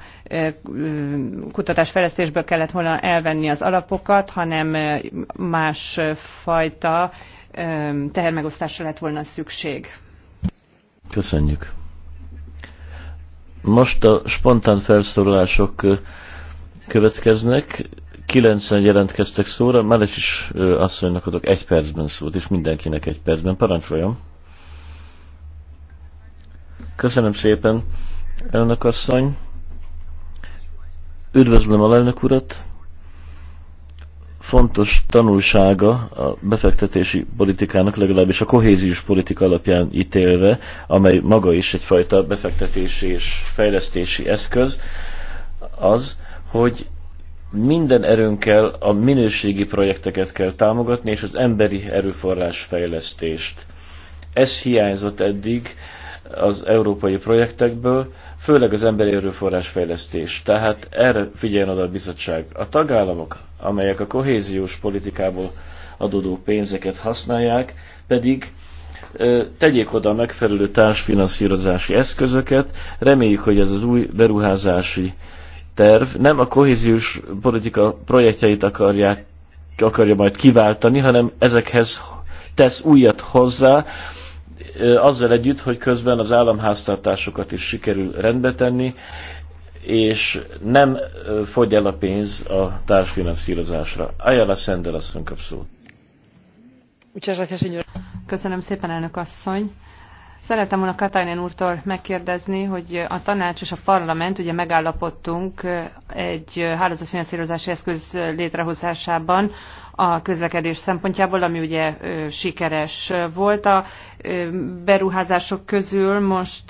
kutatásfejlesztésből kellett volna elvenni az alapokat, hanem más fajta tehermegosztásra lett volna szükség. Köszönjük. Most a spontán felszólalások következnek. Kilencen jelentkeztek szóra, már is asszonynak adok egy percben szót, és mindenkinek egy percben. Parancsoljon! Köszönöm szépen, elnök asszony. Üdvözlöm a elnök urat. Fontos tanulsága a befektetési politikának, legalábbis a kohéziós politika alapján ítélve, amely maga is egyfajta befektetési és fejlesztési eszköz, az, hogy minden erőnkkel a minőségi projekteket kell támogatni, és az emberi erőforrás fejlesztést. Ez hiányzott eddig az európai projektekből, főleg az emberi erőforrás fejlesztés. Tehát erre figyeljen oda a bizottság. A tagállamok, amelyek a kohéziós politikából adódó pénzeket használják, pedig tegyék oda a megfelelő társfinanszírozási eszközöket. Reméljük, hogy ez az új beruházási terv nem a kohéziós politika projektjeit akarják, akarja majd kiváltani, hanem ezekhez tesz újat hozzá, azzal együtt, hogy közben az államháztartásokat is sikerül rendbe tenni, és nem fogy el a pénz a társfinanszírozásra. Ajala Szendel azt mondjuk szó. Köszönöm szépen, elnök asszony. Szeretem volna Katainen úrtól megkérdezni, hogy a tanács és a parlament ugye megállapodtunk egy hálózatfinanszírozási eszköz létrehozásában, a közlekedés szempontjából, ami ugye sikeres volt. A beruházások közül most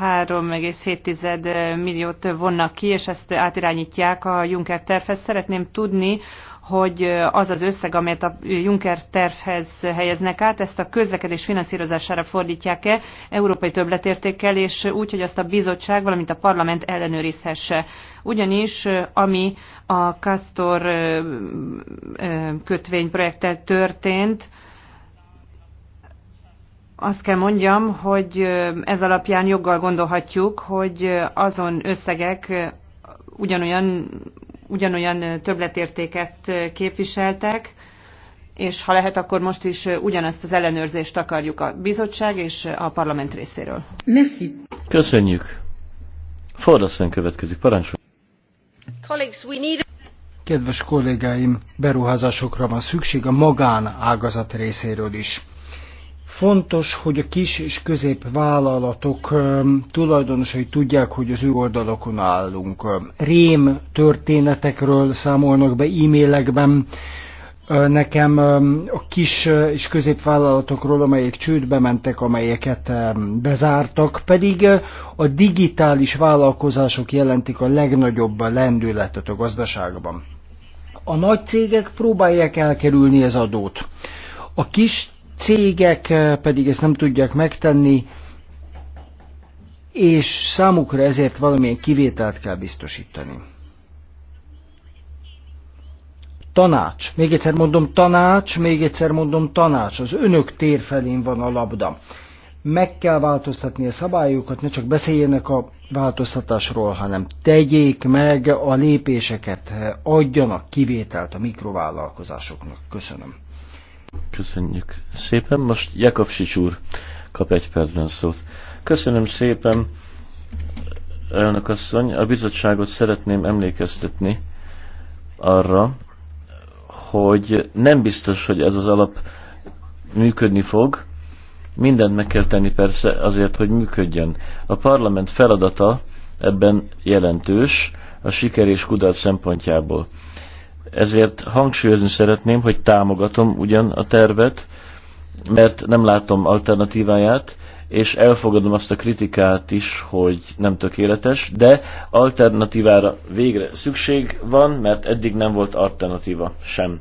3,7 milliót vonnak ki, és ezt átirányítják a Juncker tervhez. Szeretném tudni, hogy az az összeg, amelyet a Juncker tervhez helyeznek át, ezt a közlekedés finanszírozására fordítják-e európai többletértékkel, és úgy, hogy azt a bizottság, valamint a parlament ellenőrizhesse. Ugyanis, ami a Castor kötvényprojekttel történt, azt kell mondjam, hogy ez alapján joggal gondolhatjuk, hogy azon összegek ugyanolyan ugyanolyan többletértéket képviseltek, és ha lehet, akkor most is ugyanazt az ellenőrzést akarjuk a bizottság és a parlament részéről. Merci. Köszönjük. Fordasszony következik, parancsol. Kedves kollégáim, beruházásokra van szükség a magán ágazat részéről is. Fontos, hogy a kis és vállalatok tulajdonosai tudják, hogy az ő oldalakon állunk. Rém történetekről számolnak be e-mailekben nekem a kis és vállalatokról, amelyek csődbe mentek, amelyeket bezártak, pedig a digitális vállalkozások jelentik a legnagyobb lendületet a gazdaságban. A nagy cégek próbálják elkerülni az adót. A kis cégek eh, pedig ezt nem tudják megtenni, és számukra ezért valamilyen kivételt kell biztosítani. Tanács. Még egyszer mondom tanács, még egyszer mondom tanács. Az önök tér felén van a labda. Meg kell változtatni a szabályokat, ne csak beszéljenek a változtatásról, hanem tegyék meg a lépéseket, adjanak kivételt a mikrovállalkozásoknak. Köszönöm. Köszönjük szépen. Most Jakovsics úr kap egy percben szót. Köszönöm szépen, elnök asszony. A bizottságot szeretném emlékeztetni arra, hogy nem biztos, hogy ez az alap működni fog. Mindent meg kell tenni persze azért, hogy működjön. A parlament feladata ebben jelentős a siker és kudarc szempontjából. Ezért hangsúlyozni szeretném, hogy támogatom ugyan a tervet, mert nem látom alternatíváját, és elfogadom azt a kritikát is, hogy nem tökéletes, de alternatívára végre szükség van, mert eddig nem volt alternatíva sem.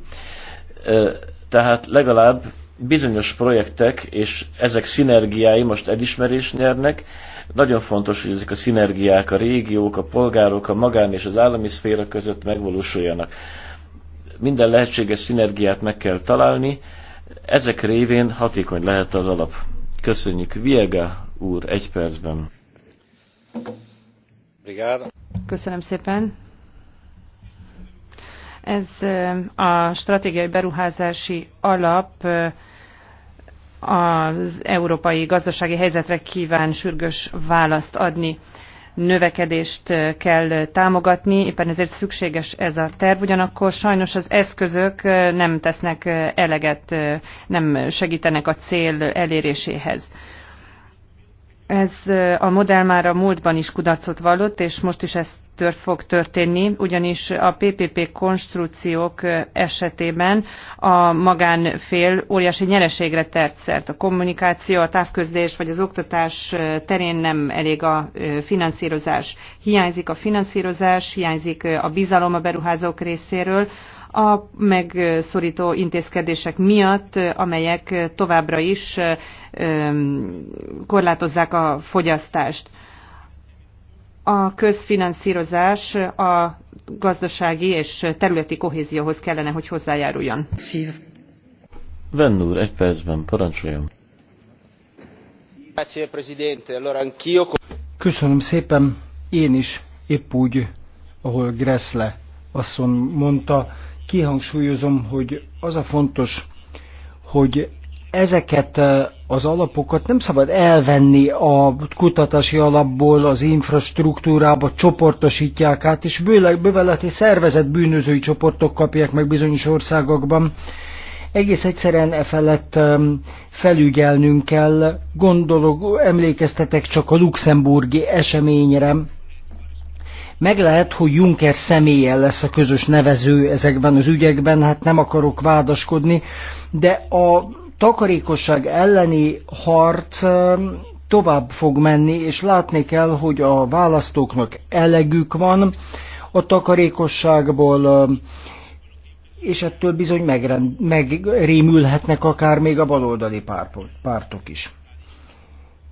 Tehát legalább bizonyos projektek és ezek szinergiái most elismerés nyernek. Nagyon fontos, hogy ezek a szinergiák a régiók, a polgárok, a magán és az állami szféra között megvalósuljanak minden lehetséges szinergiát meg kell találni, ezek révén hatékony lehet az alap. Köszönjük. Viega úr, egy percben. Köszönöm szépen. Ez a stratégiai beruházási alap az európai gazdasági helyzetre kíván sürgős választ adni növekedést kell támogatni, éppen ezért szükséges ez a terv, ugyanakkor sajnos az eszközök nem tesznek eleget, nem segítenek a cél eléréséhez. Ez a modell már a múltban is kudarcot vallott, és most is ez tör, fog történni, ugyanis a PPP konstrukciók esetében a magánfél óriási nyereségre tert szert. A kommunikáció, a távközlés vagy az oktatás terén nem elég a finanszírozás. Hiányzik a finanszírozás, hiányzik a bizalom a beruházók részéről, a megszorító intézkedések miatt, amelyek továbbra is korlátozzák a fogyasztást. A közfinanszírozás a gazdasági és területi kohézióhoz kellene, hogy hozzájáruljon. Venn egy percben parancsoljon. Köszönöm szépen. Én is épp úgy, ahol Gressle asszony mondta, kihangsúlyozom, hogy az a fontos, hogy ezeket eh, az alapokat nem szabad elvenni a kutatási alapból, az infrastruktúrába csoportosítják át, és bőveleti szervezet bűnözői csoportok kapják meg bizonyos országokban. Egész egyszerűen e felett felügyelnünk kell, gondolok, emlékeztetek csak a luxemburgi eseményre, meg lehet, hogy Juncker személyen lesz a közös nevező ezekben az ügyekben, hát nem akarok vádaskodni, de a takarékosság elleni harc tovább fog menni, és látni kell, hogy a választóknak elegük van a takarékosságból, és ettől bizony megrémülhetnek akár még a baloldali pártok is.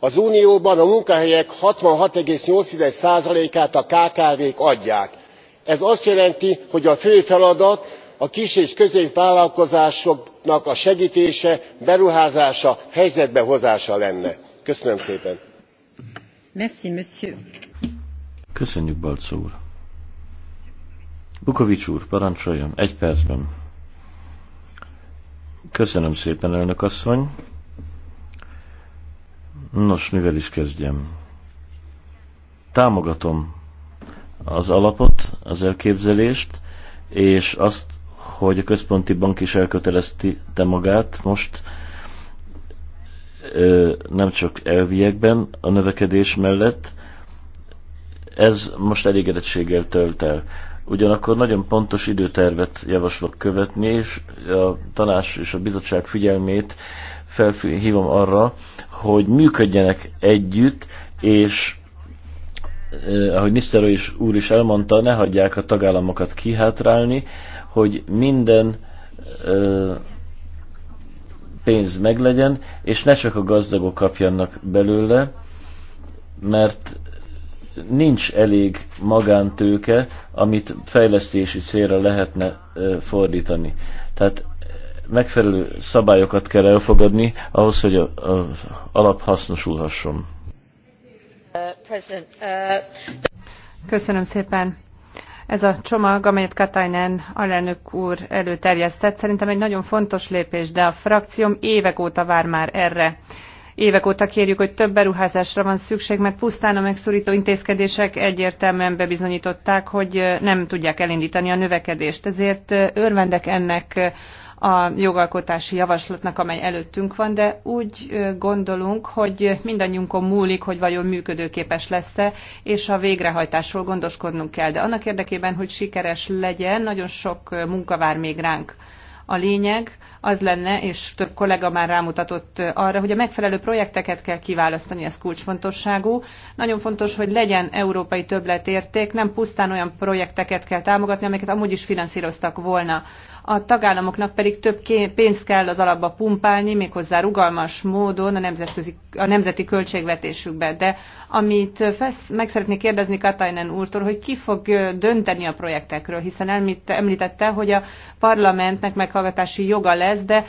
az unióban a munkahelyek sixty six eight át a kkv k adják. ez azt jelenti hogy a fő feladat a kis és középvállalkozásoknak a segtése beruházása helyzetbe hozása lenne. köszönöm szépen! Köszönjük, Balco úr! Bukovics úr, parancsoljon, egy percben. Köszönöm szépen, elnök asszony! Nos, mivel is kezdjem? Támogatom az alapot, az elképzelést, és azt, hogy a központi bank is elkötelezte magát most nem csak elviekben a növekedés mellett, ez most elégedettséggel tölt el. Ugyanakkor nagyon pontos időtervet javaslok követni, és a tanács és a bizottság figyelmét felhívom arra, hogy működjenek együtt, és eh, ahogy Mr. is úr is elmondta, ne hagyják a tagállamokat kihátrálni, hogy minden eh, pénz meglegyen, és ne csak a gazdagok kapjanak belőle, mert nincs elég magántőke, amit fejlesztési célra lehetne fordítani. Tehát megfelelő szabályokat kell elfogadni ahhoz, hogy az alap hasznosulhasson. Köszönöm szépen. Ez a csomag, amelyet Katainen alelnök úr előterjesztett, szerintem egy nagyon fontos lépés, de a frakcióm évek óta vár már erre. Évek óta kérjük, hogy több beruházásra van szükség, mert pusztán a megszorító intézkedések egyértelműen bebizonyították, hogy nem tudják elindítani a növekedést. Ezért örvendek ennek a jogalkotási javaslatnak, amely előttünk van, de úgy gondolunk, hogy mindannyiunkon múlik, hogy vajon működőképes lesz-e, és a végrehajtásról gondoskodnunk kell. De annak érdekében, hogy sikeres legyen, nagyon sok munka vár még ránk. A lényeg az lenne, és több kollega már rámutatott arra, hogy a megfelelő projekteket kell kiválasztani, ez kulcsfontosságú. Nagyon fontos, hogy legyen európai többletérték, nem pusztán olyan projekteket kell támogatni, amelyeket amúgy is finanszíroztak volna a tagállamoknak pedig több pénzt kell az alapba pumpálni, méghozzá rugalmas módon a, nemzetközi, a nemzeti költségvetésükbe. De amit fesz, meg szeretnék kérdezni Katainen úrtól, hogy ki fog dönteni a projektekről, hiszen elmit, említette, hogy a parlamentnek meghallgatási joga lesz, de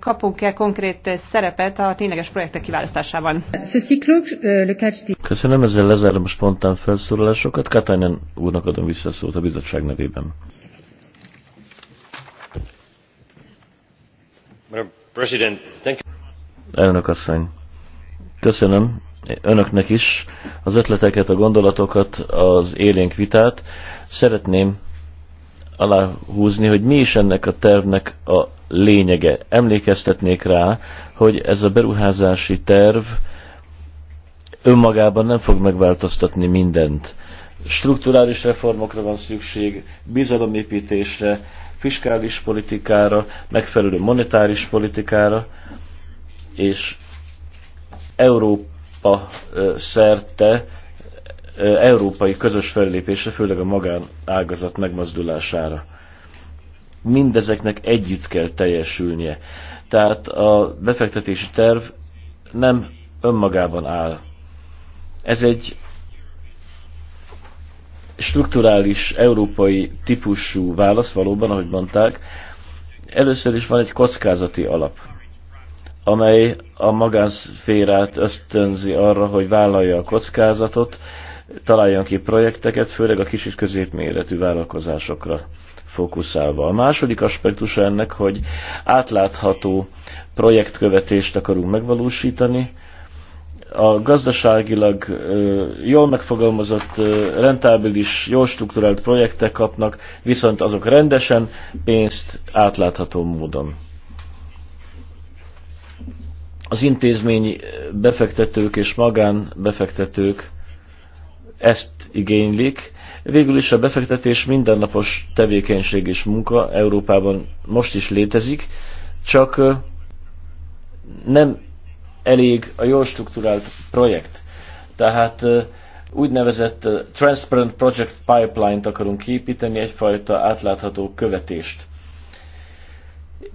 kapunk-e konkrét szerepet a tényleges projektek kiválasztásában? Köszönöm, ezzel lezárom a spontán felszólalásokat. Katainen úrnak adom vissza szót a bizottság nevében. Elnök asszony, köszönöm önöknek is az ötleteket, a gondolatokat, az élénk vitát. Szeretném aláhúzni, hogy mi is ennek a tervnek a lényege. Emlékeztetnék rá, hogy ez a beruházási terv önmagában nem fog megváltoztatni mindent. Strukturális reformokra van szükség, bizalomépítésre, fiskális politikára, megfelelő monetáris politikára, és Európa szerte európai közös fellépésre, főleg a magánágazat megmozdulására. Mindezeknek együtt kell teljesülnie. Tehát a befektetési terv nem önmagában áll. Ez egy strukturális európai típusú válasz valóban, ahogy mondták, először is van egy kockázati alap, amely a magánszférát ösztönzi arra, hogy vállalja a kockázatot, találjon ki projekteket, főleg a kis és középméretű vállalkozásokra fókuszálva. A második aspektusa ennek, hogy átlátható projektkövetést akarunk megvalósítani, a gazdaságilag jól megfogalmazott, rentábilis, jól struktúrált projektek kapnak, viszont azok rendesen pénzt átlátható módon. Az intézmény befektetők és magán befektetők ezt igénylik. Végül is a befektetés mindennapos tevékenység és munka Európában most is létezik, csak nem elég a jól struktúrált projekt. Tehát úgynevezett Transparent Project Pipeline-t akarunk kiépíteni, egyfajta átlátható követést.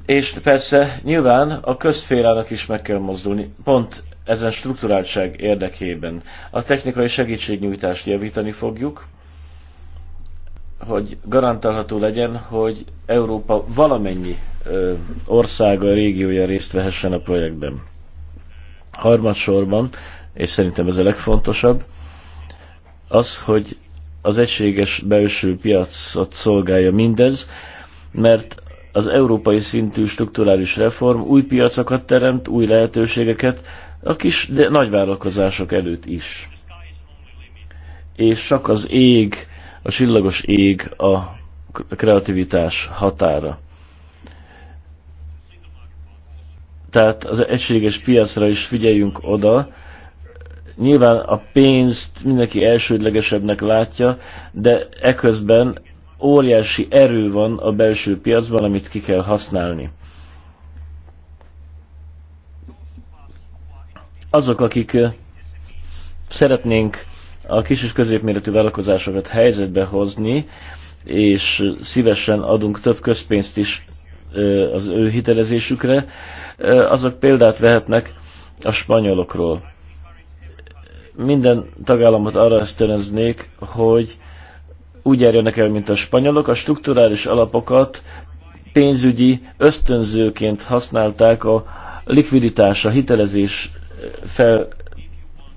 És persze nyilván a közférának is meg kell mozdulni, pont ezen struktúráltság érdekében. A technikai segítségnyújtást javítani fogjuk, hogy garantálható legyen, hogy Európa valamennyi országa, régiója részt vehessen a projektben. Harmadsorban, és szerintem ez a legfontosabb, az, hogy az egységes belső piacot szolgálja mindez, mert az európai szintű strukturális reform új piacokat teremt, új lehetőségeket a kis, de nagy vállalkozások előtt is. És csak az ég, a csillagos ég a kreativitás határa. tehát az egységes piacra is figyeljünk oda. Nyilván a pénzt mindenki elsődlegesebbnek látja, de eközben óriási erő van a belső piacban, amit ki kell használni. Azok, akik szeretnénk a kis és középméretű vállalkozásokat helyzetbe hozni, és szívesen adunk több közpénzt is az ő hitelezésükre, azok példát vehetnek a spanyolokról. Minden tagállamot arra ösztönöznék, hogy úgy járjanak el, mint a spanyolok, a strukturális alapokat pénzügyi ösztönzőként használták a likviditás, a hitelezés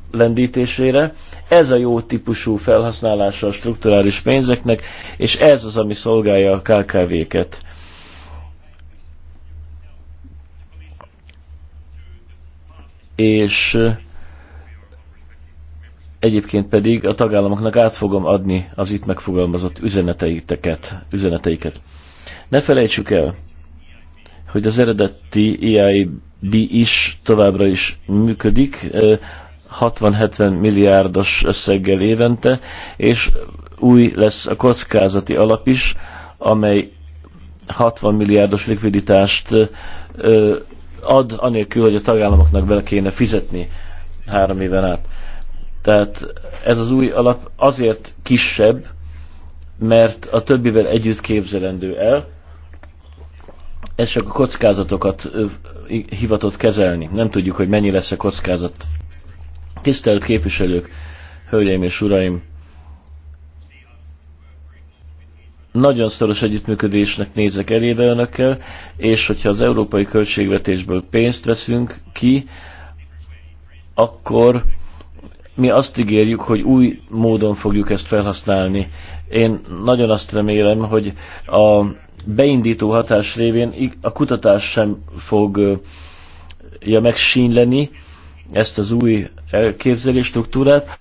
fellendítésére. Ez a jó típusú felhasználása a strukturális pénzeknek, és ez az, ami szolgálja a KKV-ket és egyébként pedig a tagállamoknak át fogom adni az itt megfogalmazott üzeneteiteket, üzeneteiket. Ne felejtsük el, hogy az eredeti EIB is továbbra is működik, 60-70 milliárdos összeggel évente, és új lesz a kockázati alap is, amely 60 milliárdos likviditást ad, anélkül, hogy a tagállamoknak bele kéne fizetni három éven át. Tehát ez az új alap azért kisebb, mert a többivel együtt képzelendő el, ez csak a kockázatokat hivatott kezelni. Nem tudjuk, hogy mennyi lesz a kockázat. Tisztelt képviselők, hölgyeim és uraim, nagyon szoros együttműködésnek nézek elébe önökkel, és hogyha az európai költségvetésből pénzt veszünk ki, akkor mi azt ígérjük, hogy új módon fogjuk ezt felhasználni. Én nagyon azt remélem, hogy a beindító hatás révén a kutatás sem fogja megsínleni ezt az új elképzelés struktúrát,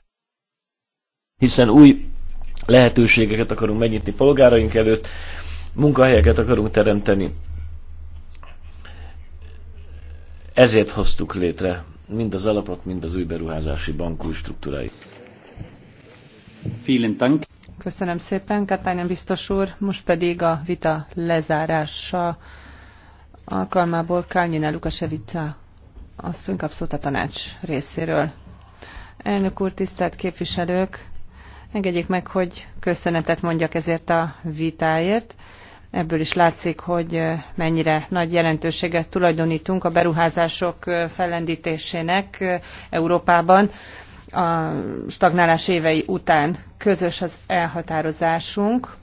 hiszen új lehetőségeket akarunk megnyitni polgáraink előtt, munkahelyeket akarunk teremteni. Ezért hoztuk létre mind az alapot, mind az új beruházási bank új struktúráit. Köszönöm szépen, Katányan biztos úr. Most pedig a vita lezárása alkalmából Kányina Lukasevica asszony kap szót a tanács részéről. Elnök úr, tisztelt képviselők! Engedjék meg, hogy köszönetet mondjak ezért a vitáért. Ebből is látszik, hogy mennyire nagy jelentőséget tulajdonítunk a beruházások fellendítésének Európában a stagnálás évei után. Közös az elhatározásunk,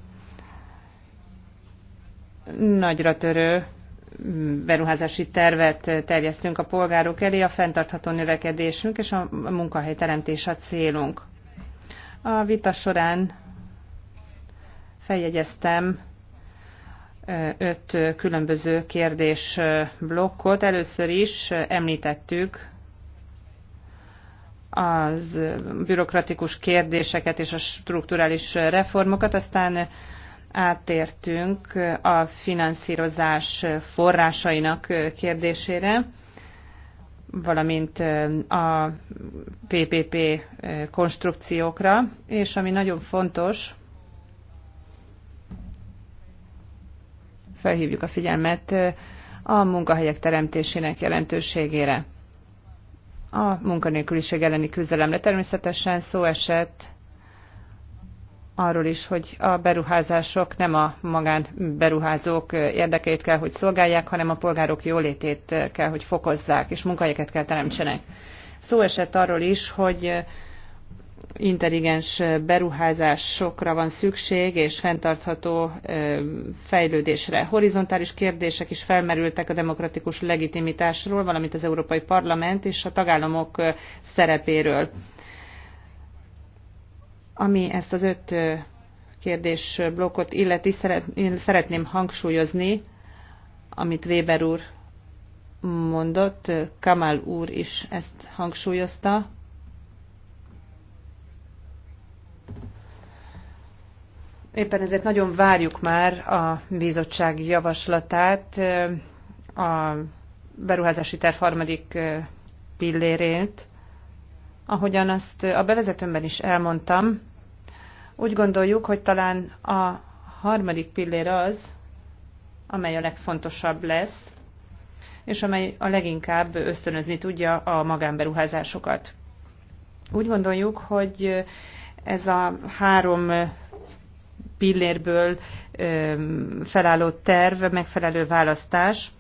nagyra törő beruházási tervet terjesztünk a polgárok elé, a fenntartható növekedésünk és a munkahelyteremtés a célunk. A vita során feljegyeztem öt különböző kérdés blokkot. Először is említettük az bürokratikus kérdéseket és a strukturális reformokat, aztán áttértünk a finanszírozás forrásainak kérdésére, valamint a PPP konstrukciókra, és ami nagyon fontos, felhívjuk a figyelmet a munkahelyek teremtésének jelentőségére. A munkanélküliség elleni küzdelemre természetesen szó esett arról is, hogy a beruházások nem a magánberuházók érdekeit kell, hogy szolgálják, hanem a polgárok jólétét kell, hogy fokozzák, és munkahelyeket kell teremtsenek. Szó esett arról is, hogy intelligens beruházásokra van szükség, és fenntartható fejlődésre. Horizontális kérdések is felmerültek a demokratikus legitimitásról, valamint az Európai Parlament és a tagállamok szerepéről ami ezt az öt kérdés blokkot illeti, szeretném hangsúlyozni, amit Weber úr mondott, Kamal úr is ezt hangsúlyozta. Éppen ezért nagyon várjuk már a bizottság javaslatát a beruházási terv harmadik pillérét. Ahogyan azt a bevezetőmben is elmondtam, úgy gondoljuk, hogy talán a harmadik pillér az, amely a legfontosabb lesz, és amely a leginkább ösztönözni tudja a magánberuházásokat. Úgy gondoljuk, hogy ez a három pillérből felálló terv, megfelelő választás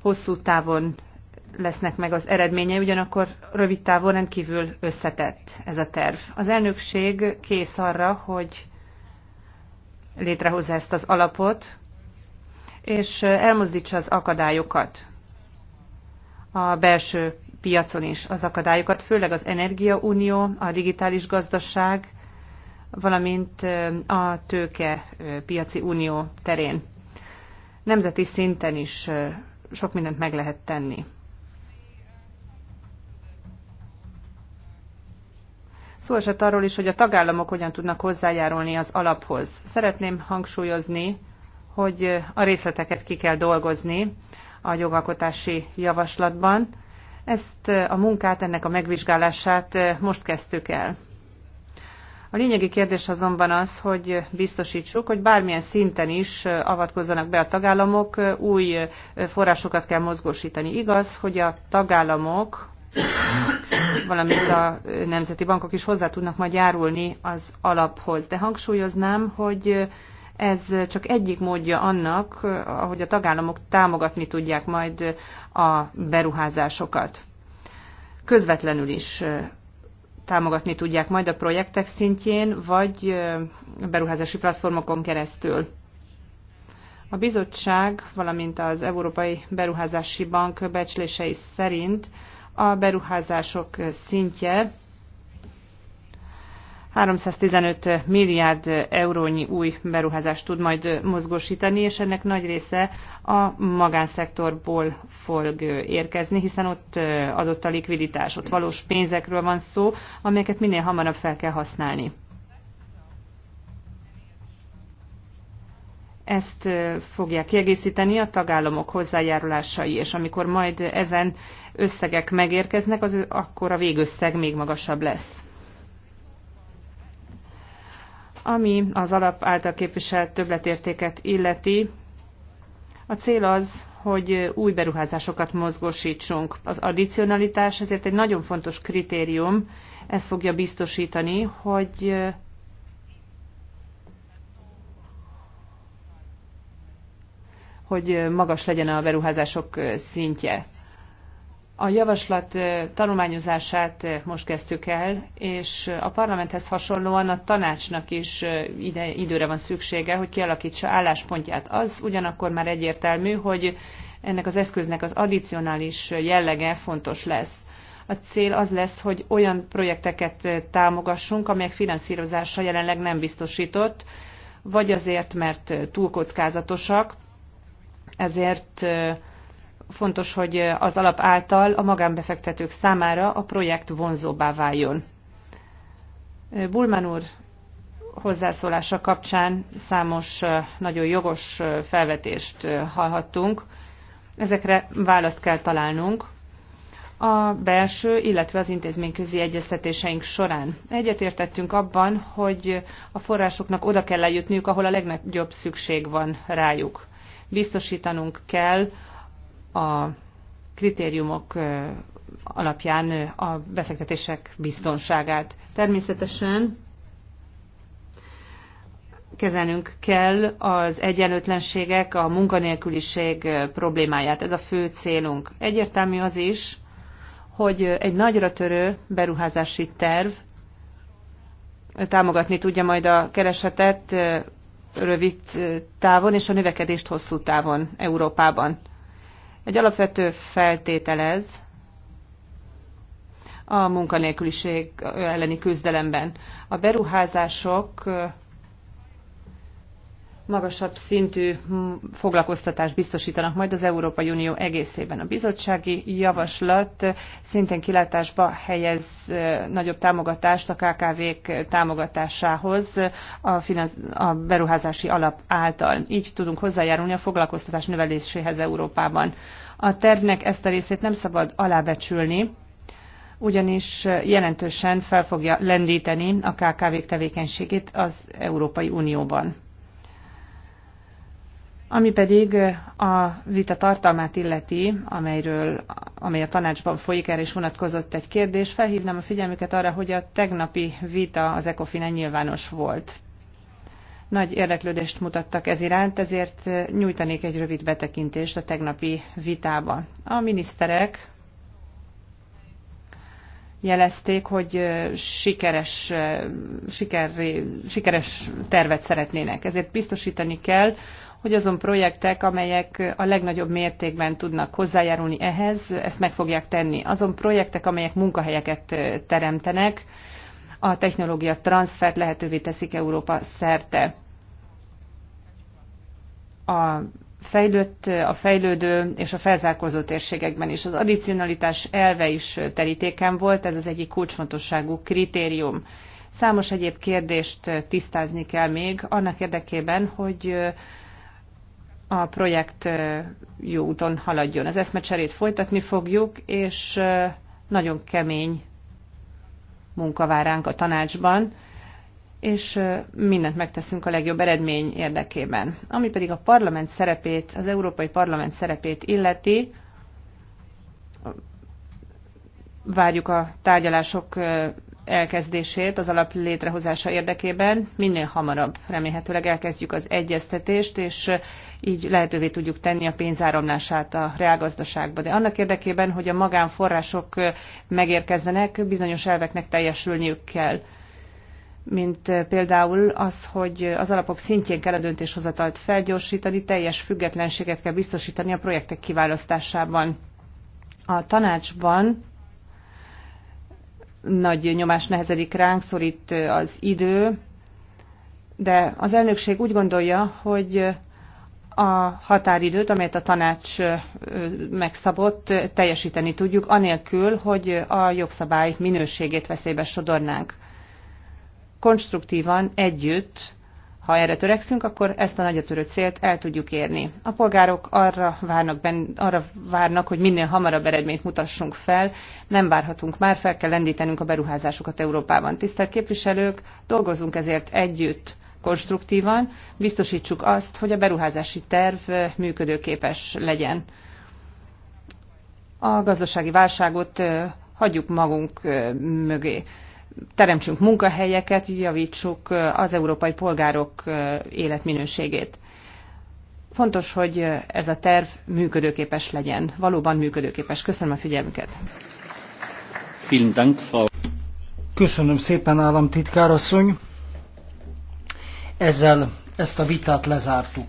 hosszú távon lesznek meg az eredményei, ugyanakkor rövid távon rendkívül összetett ez a terv. Az elnökség kész arra, hogy létrehozza ezt az alapot, és elmozdítsa az akadályokat a belső piacon is az akadályokat, főleg az energiaunió, a digitális gazdaság, valamint a tőke piaci unió terén. Nemzeti szinten is sok mindent meg lehet tenni. Szó esett arról is, hogy a tagállamok hogyan tudnak hozzájárulni az alaphoz. Szeretném hangsúlyozni, hogy a részleteket ki kell dolgozni a jogalkotási javaslatban. Ezt a munkát, ennek a megvizsgálását eh, most kezdtük el. A lényegi kérdés azonban az, hogy biztosítsuk, hogy bármilyen szinten is eh, avatkozzanak be a tagállamok, eh, új forrásokat kell mozgósítani. Igaz, hogy a tagállamok valamint a nemzeti bankok is hozzá tudnak majd járulni az alaphoz. De hangsúlyoznám, hogy ez csak egyik módja annak, ahogy a tagállamok támogatni tudják majd a beruházásokat. Közvetlenül is támogatni tudják majd a projektek szintjén, vagy beruházási platformokon keresztül. A bizottság, valamint az Európai Beruházási Bank becslései szerint a beruházások szintje 315 milliárd eurónyi új beruházást tud majd mozgósítani, és ennek nagy része a magánszektorból fog érkezni, hiszen ott adott a likviditás, ott valós pénzekről van szó, amelyeket minél hamarabb fel kell használni. ezt fogják kiegészíteni a tagállamok hozzájárulásai, és amikor majd ezen összegek megérkeznek, az, akkor a végösszeg még magasabb lesz. Ami az alap által képviselt többletértéket illeti, a cél az, hogy új beruházásokat mozgósítsunk. Az addicionalitás ezért egy nagyon fontos kritérium, ez fogja biztosítani, hogy hogy magas legyen a beruházások szintje. A javaslat eh, tanulmányozását eh, most kezdtük el, és a parlamenthez hasonlóan a tanácsnak is eh, ide, időre van szüksége, hogy kialakítsa álláspontját. Az ugyanakkor már egyértelmű, hogy ennek az eszköznek az addicionális jellege fontos lesz. A cél az lesz, hogy olyan projekteket támogassunk, amelyek finanszírozása jelenleg nem biztosított, vagy azért, mert túl kockázatosak, ezért fontos, hogy az alap által a magánbefektetők számára a projekt vonzóbbá váljon. Bulman úr hozzászólása kapcsán számos nagyon jogos felvetést hallhattunk. Ezekre választ kell találnunk a belső, illetve az intézményközi egyeztetéseink során. Egyetértettünk abban, hogy a forrásoknak oda kell eljutniuk, ahol a legnagyobb szükség van rájuk biztosítanunk kell a kritériumok alapján a befektetések biztonságát. Természetesen kezelnünk kell az egyenlőtlenségek, a munkanélküliség problémáját. Ez a fő célunk. Egyértelmű az is, hogy egy nagyra törő beruházási terv támogatni tudja majd a keresetet rövid távon, és a növekedést hosszú távon Európában. Egy alapvető feltételez ez a munkanélküliség elleni küzdelemben. A beruházások magasabb szintű foglalkoztatást biztosítanak majd az Európai Unió egészében. A bizottsági javaslat szintén kilátásba helyez nagyobb támogatást a KKV-k támogatásához a, finanz- a beruházási alap által. Így tudunk hozzájárulni a foglalkoztatás növeléséhez Európában. A tervnek ezt a részét nem szabad alábecsülni, ugyanis jelentősen fel fogja lendíteni a KKV-k tevékenységét az Európai Unióban. Ami pedig a vita tartalmát illeti, amelyről, amely a tanácsban folyik, erre is vonatkozott egy kérdés, felhívnám a figyelmüket arra, hogy a tegnapi vita az ecofin e nyilvános volt. Nagy érdeklődést mutattak ez iránt, ezért nyújtanék egy rövid betekintést a tegnapi vitába. A miniszterek jelezték, hogy sikeres, siker, sikeres tervet szeretnének. Ezért biztosítani kell, hogy azon projektek, amelyek a legnagyobb mértékben tudnak hozzájárulni ehhez, ezt meg fogják tenni. Azon projektek, amelyek munkahelyeket teremtenek, a technológia transfert lehetővé teszik Európa szerte. A fejlődött, a fejlődő és a felzárkózó térségekben is. Az addicionalitás elve is terítéken volt, ez az egyik kulcsfontosságú kritérium. Számos egyéb kérdést tisztázni kell még annak érdekében, hogy a projekt jó úton haladjon. Az eszmecserét folytatni fogjuk, és nagyon kemény munka vár ránk a tanácsban, és mindent megteszünk a legjobb eredmény érdekében. Ami pedig a parlament szerepét, az Európai Parlament szerepét illeti, várjuk a tárgyalások elkezdését az alap létrehozása érdekében. Minél hamarabb remélhetőleg elkezdjük az egyeztetést, és így lehetővé tudjuk tenni a pénzáramlását a reálgazdaságba. De annak érdekében, hogy a magánforrások megérkezzenek, bizonyos elveknek teljesülniük kell mint például az, hogy az alapok szintjén kell a döntéshozatalt felgyorsítani, teljes függetlenséget kell biztosítani a projektek kiválasztásában. A tanácsban nagy nyomás nehezedik ránk, szorít az idő, de az elnökség úgy gondolja, hogy a határidőt, amelyet a tanács megszabott, teljesíteni tudjuk, anélkül, hogy a jogszabály minőségét veszélybe sodornánk. Konstruktívan együtt ha erre törekszünk, akkor ezt a nagyatörő célt el tudjuk érni. A polgárok arra várnak, ben, arra várnak, hogy minél hamarabb eredményt mutassunk fel, nem várhatunk már, fel kell lendítenünk a beruházásokat Európában. Tisztelt képviselők, dolgozunk ezért együtt konstruktívan, biztosítsuk azt, hogy a beruházási terv eh, működőképes legyen. A gazdasági válságot eh, hagyjuk magunk eh, mögé teremtsünk munkahelyeket, javítsuk az európai polgárok életminőségét. Fontos, hogy ez a terv működőképes legyen, valóban működőképes. Köszönöm a figyelmüket. Köszönöm szépen, államtitkár asszony. Ezzel ezt a vitát lezártuk.